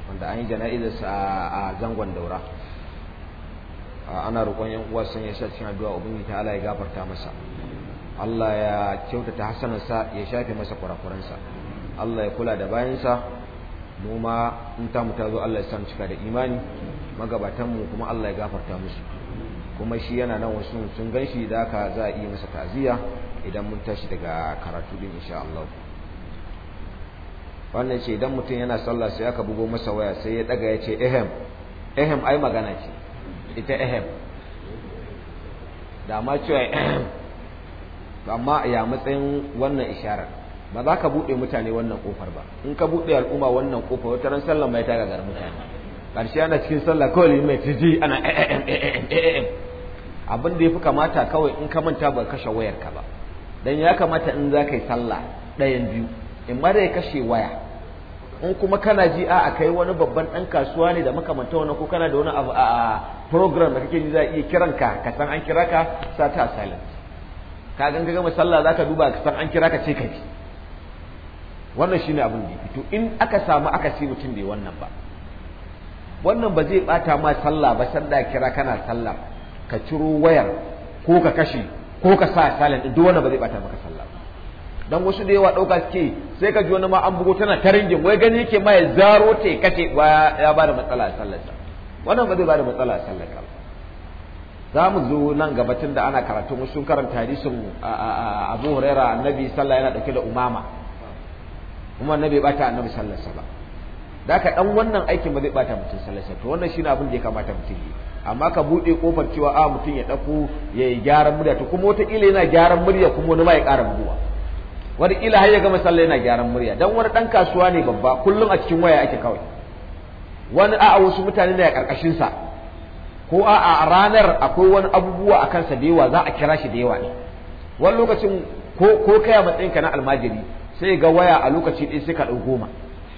[SPEAKER 1] wanda jana'izarsa zangon daura ana roƙon ta ala ya gafarta masa Allah ya kyautata hasanarsa ya shafe masa kurakuransa Allah ya kula da bayansa mu ma in ta mu zo Allah ya san cika da imani magabatan mu kuma Allah ya gafarta musu kuma shi yana nan wasu sun ganshi da ka za a yi masa taziya idan mun tashi daga karatu din insha Allah wannan ce idan mutum yana sallah sai aka bugo masa waya sai ya daga ya ce ehem ehem ai magana ce ita ehem da ma cewa to amma ya matsayin wannan isharar ba za ka buɗe mutane wannan kofar ba in ka buɗe al'umma wannan kofar wata ran sallan mai ta gagar mutane ƙarshe ana cikin sallar kawai mai tiji ana aam eh, eh, eh, abin da ya fi kamata kawai in ka manta ba kashe wayar ba dan ya kamata in za ka yi sallah ɗayan biyu in ma ya kashe waya in kuma kana ji a kai wani babban ɗan kasuwa ne da makamanta wani ko kana da wani abu a program da kake ji za a iya kiranka ka san an kira ka sa ta ka gan ka gama sallah zaka duba ka san an kira ka ce ka bi wannan shine abin da To in aka samu aka ce mutum bai wannan ba wannan ba zai bata ma sallah ba san da kira kana sallah ka ciro wayar ko ka kashe ko ka sa silent duk wannan ba zai
[SPEAKER 2] bata maka sallah ba
[SPEAKER 1] dan wasu da yawa dauka suke sai ka ji wani ma an bugo tana taringin wai gani yake ma ya zaro ta kace ya bada matsala a sa. wannan ba zai bada matsala a sallar ba za mu zo nan gabatin da ana karatu mu sun karanta hadisin Abu Huraira annabi sallallahu yana dauke da umama kuma annabi bata annabi sallallahu alaihi wasallam da ka dan wannan aikin ba zai bata mutum sallallahu alaihi wasallam to wannan shine abin da ya kamata mutum yi amma ka bude kofar cewa a mutum ya dako ya yi gyaran murya to kuma wata ila yana gyaran murya kuma wani ma ya ƙara buguwa wani ila har ya gama sallah yana gyaran murya dan wani dan kasuwa ne babba kullum a cikin waya ake kawai wani a'a wasu mutane ne a karkashin sa ko a ranar akwai wani abubuwa a kansa da yawa za a kira shi da yawa ne wani lokacin ko kaya matsayinka na almajiri sai ga waya a lokaci ɗin sai ka ɗau goma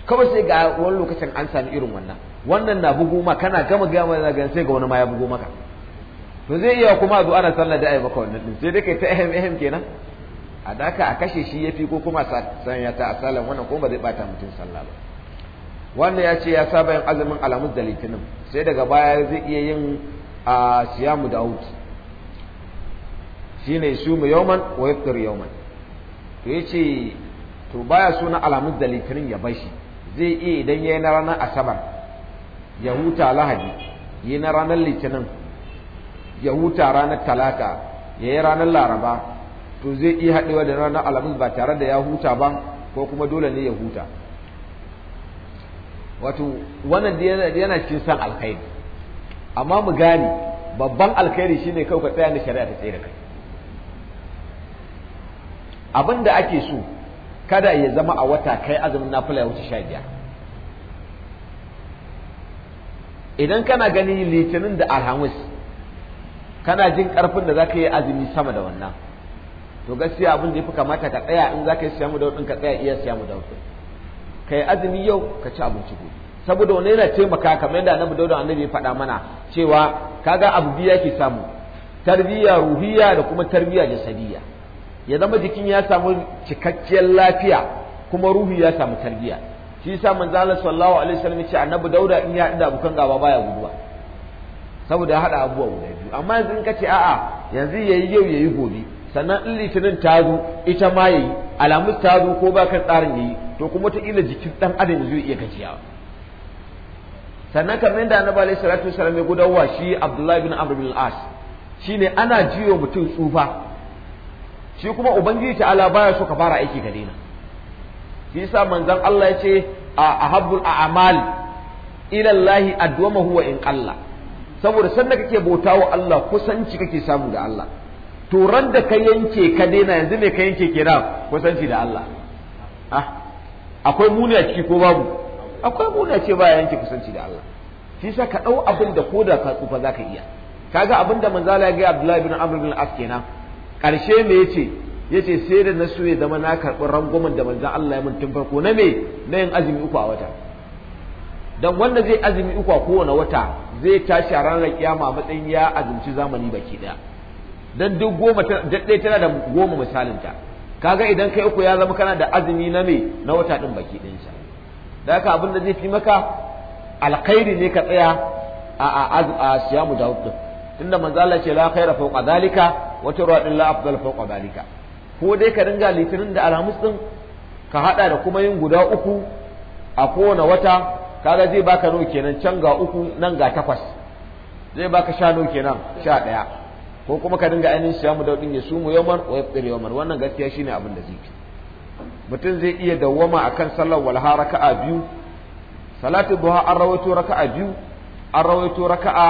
[SPEAKER 1] kawai sai ga wani lokacin an sami irin wannan wannan na bugu ma kana gama gama da gan sai ga wani ma ya bugu maka to zai iya kuma a na sallar da ayyuka wannan din sai dai kai ta ehem ehem kenan a daka a kashe shi yafi ko kuma sanya ta a sallan wannan ko ba zai bata mutum sallah ba wannan ya ce ya saba yin azumin alamun da litinin sai daga baya zai iya yin a siyamu ne shine mu yawman wa yaftir yawman to ce, to baya suna alamun da litinin ya bashi zai iya idan ya yi na ranar asabar ya huta lahadi yi na ranar litinin ya huta ranar talata ya yi ranar laraba to zai iya haɗewa da ranar alhamis ba tare da ya huta ba ko kuma dole ne ya huta wato wannan yana cikin san alkhairi amma mu gane babban alkhairi shine kai ka tsaya da shari'a ta tsaye da kai abin da ake so kada ya zama a wata kai azumin nafila ya wuce sha biyar idan kana gani litinin da alhamis kana jin karfin da zaka yi azumi sama da wannan to gaskiya abin da ya fi kamata ka tsaya in zaka yi siyamu da wadin ka tsaya iya siyamu da wadin ka yi azumi yau ka ci abinci gobe saboda wani yana taimaka kamar yadda annabi dauda annabi ya faɗa mana cewa ka ga abu biyu yake samu tarbiyya ruhiyya da kuma tarbiyya jasadiyya ya zama jikin ya samu cikakkiyar lafiya kuma ruhi ya samu tarbiyya shi yasa manzo Allah sallallahu alaihi wasallam ce annabi dauda in ya da abokan gaba baya guduwa saboda ya hada abubuwa guda biyu amma yanzu in ka ce a'a yanzu yayi yau yayi gobe sannan in litinin ta zo ita ma yayi alamu ta zo ko ba kan tsarin yayi to kuma ta ila jikin dan adam zai iya gajiyawa sannan kamar yadda annabi alaihi salatu wasallam ya gudawa shi abdullahi bin amr bin al-as shine ana jiyo mutum tsufa shi kuma ubangiji ta ala baya so ka fara aiki ka daina shi yasa manzon Allah ya ce a ahabbul a'mal ila Allah adwamahu wa in qalla saboda sanda kake bauta wa Allah kusanci kake samu da Allah turan da ka yanke ka daina yanzu ne ka yanke kenan kusanci da Allah ah, akwai muni a ciki ko babu akwai muni a ce ba yanke kusanci da Allah shi sa ka dau abin da koda ka tsufa ka iya Ka ga abin da manzala ya ga Abdullahi bin Amr bin As kenan karshe me yace yace sai da na so ya zama na karɓi rangwamen da manzan Allah ya mun tun farko na me na yin azumi uku a wata dan wanda zai azumi uku a kowane wata zai tashi a ranar kiyama matsayin ya azumci zamani baki daya dan duk goma ɗaya tana da goma misalinta kaga idan kai uku ya zama kana da azumi na me na wata ɗin baki sa da haka abin da zai fi maka alkhairi ne ka tsaya a a a siyamu da hukum tunda manzo Allah ce la khaira fawqa zalika wa turu din la afdal fawqa zalika ko dai ka dinga litinin da alhamis din ka hada da kuma yin guda uku a kowane wata kaga zai baka nawa kenan can ga uku nan ga takwas zai baka sha kenan sha ɗaya ko kuma ka dinga ainihin mu daudin ya sumu yawman wa yaftir yawman wannan gaskiya shine abin da zai fi mutum zai iya dawwama akan sallar walha raka'a biyu salatu duha an rawaito raka'a biyu an rawaito raka'a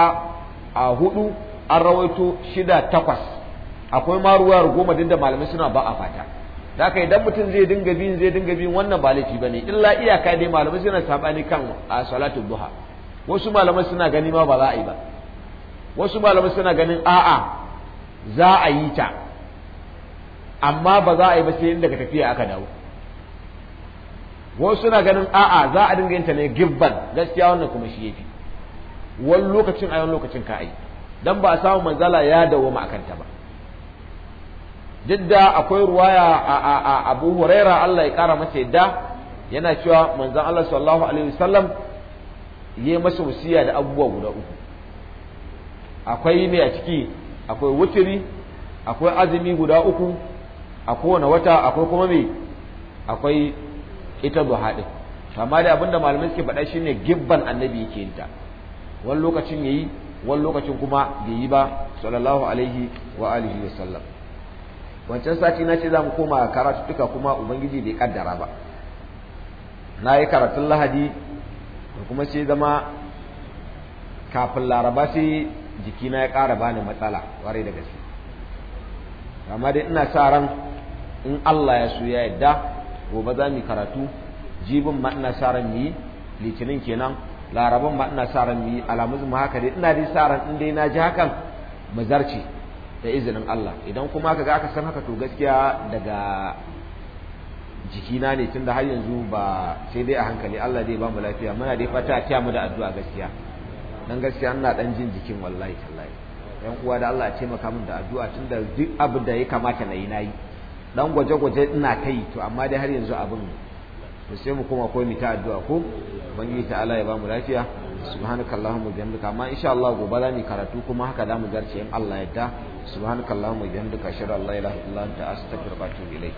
[SPEAKER 1] a hudu an rawaito shida takwas akwai ma ruwa goma dinda da malamai suna ba a fata da haka idan mutum zai dinga bin zai dinga bin wannan ba laifi bane illa iyaka dai malamai suna sabani kan a salatu duha wasu malamai suna gani ma ba za a yi ba wasu malamai suna ganin a'a za a yi ta amma ba za a yi ba sai daga tafiya aka dawo wasu na ganin a'a za a dinga yinta ta ne gibban gaskiya wannan kuma shi yafi wani lokacin a wani lokacin ka ai dan ba a samu manzala ya dawo ma akan ba duk da akwai ruwaya a Abu Huraira Allah ya kara masa yadda yana cewa manzon Allah sallallahu alaihi wasallam yi masa wasiya da abubuwa guda uku akwai ne a ciki akwai wuturi akwai azumi guda uku a kowane wata akwai kuma me akwai ita duha din amma da abinda malamai suke faɗa ne gibban annabi yake yinta wani lokacin yayi wani lokacin kuma bai yi ba sallallahu alaihi wa alihi wa sallam wancan sati na ce za mu koma karatu duka kuma ubangiji bai kaddara ba na yi karatun lahadi kuma sai zama kafin laraba sai jikina ya ƙara bani matsala ware da gaske amma dai ina sa ran in Allah ya so ya yadda gobe za mu karatu jibin ma ina sa ran mu litinin kenan larabin ma ina sa ran mu alamuzu ma haka dai ina dai sa ran in dai na ji hakan mu zarce da izinin Allah idan kuma aka ga aka san haka to gaskiya daga jikina ne tun da har yanzu ba sai dai a hankali Allah zai ba mu lafiya muna dai fata a mu da addu'a gaskiya dan gaskiya ina dan jin jikin wallahi tallahi yan uwa da Allah ya taimaka min da addu'a tunda duk abin da ya kamata na yi na yi. dan gwaje-gwaje ina ta yi to amma dai har yanzu abin to sai mu koma koyi ta addu'a ko ubangiji ta Allah ya ba mu lafiya subhanakallahumma bihamdika amma insha Allah gobe za mu karatu kuma
[SPEAKER 2] haka za mu zarce in Allah ya yarda subhanakallahumma bihamdika ashhadu an la ilaha illa anta astaghfiruka wa atubu ilaik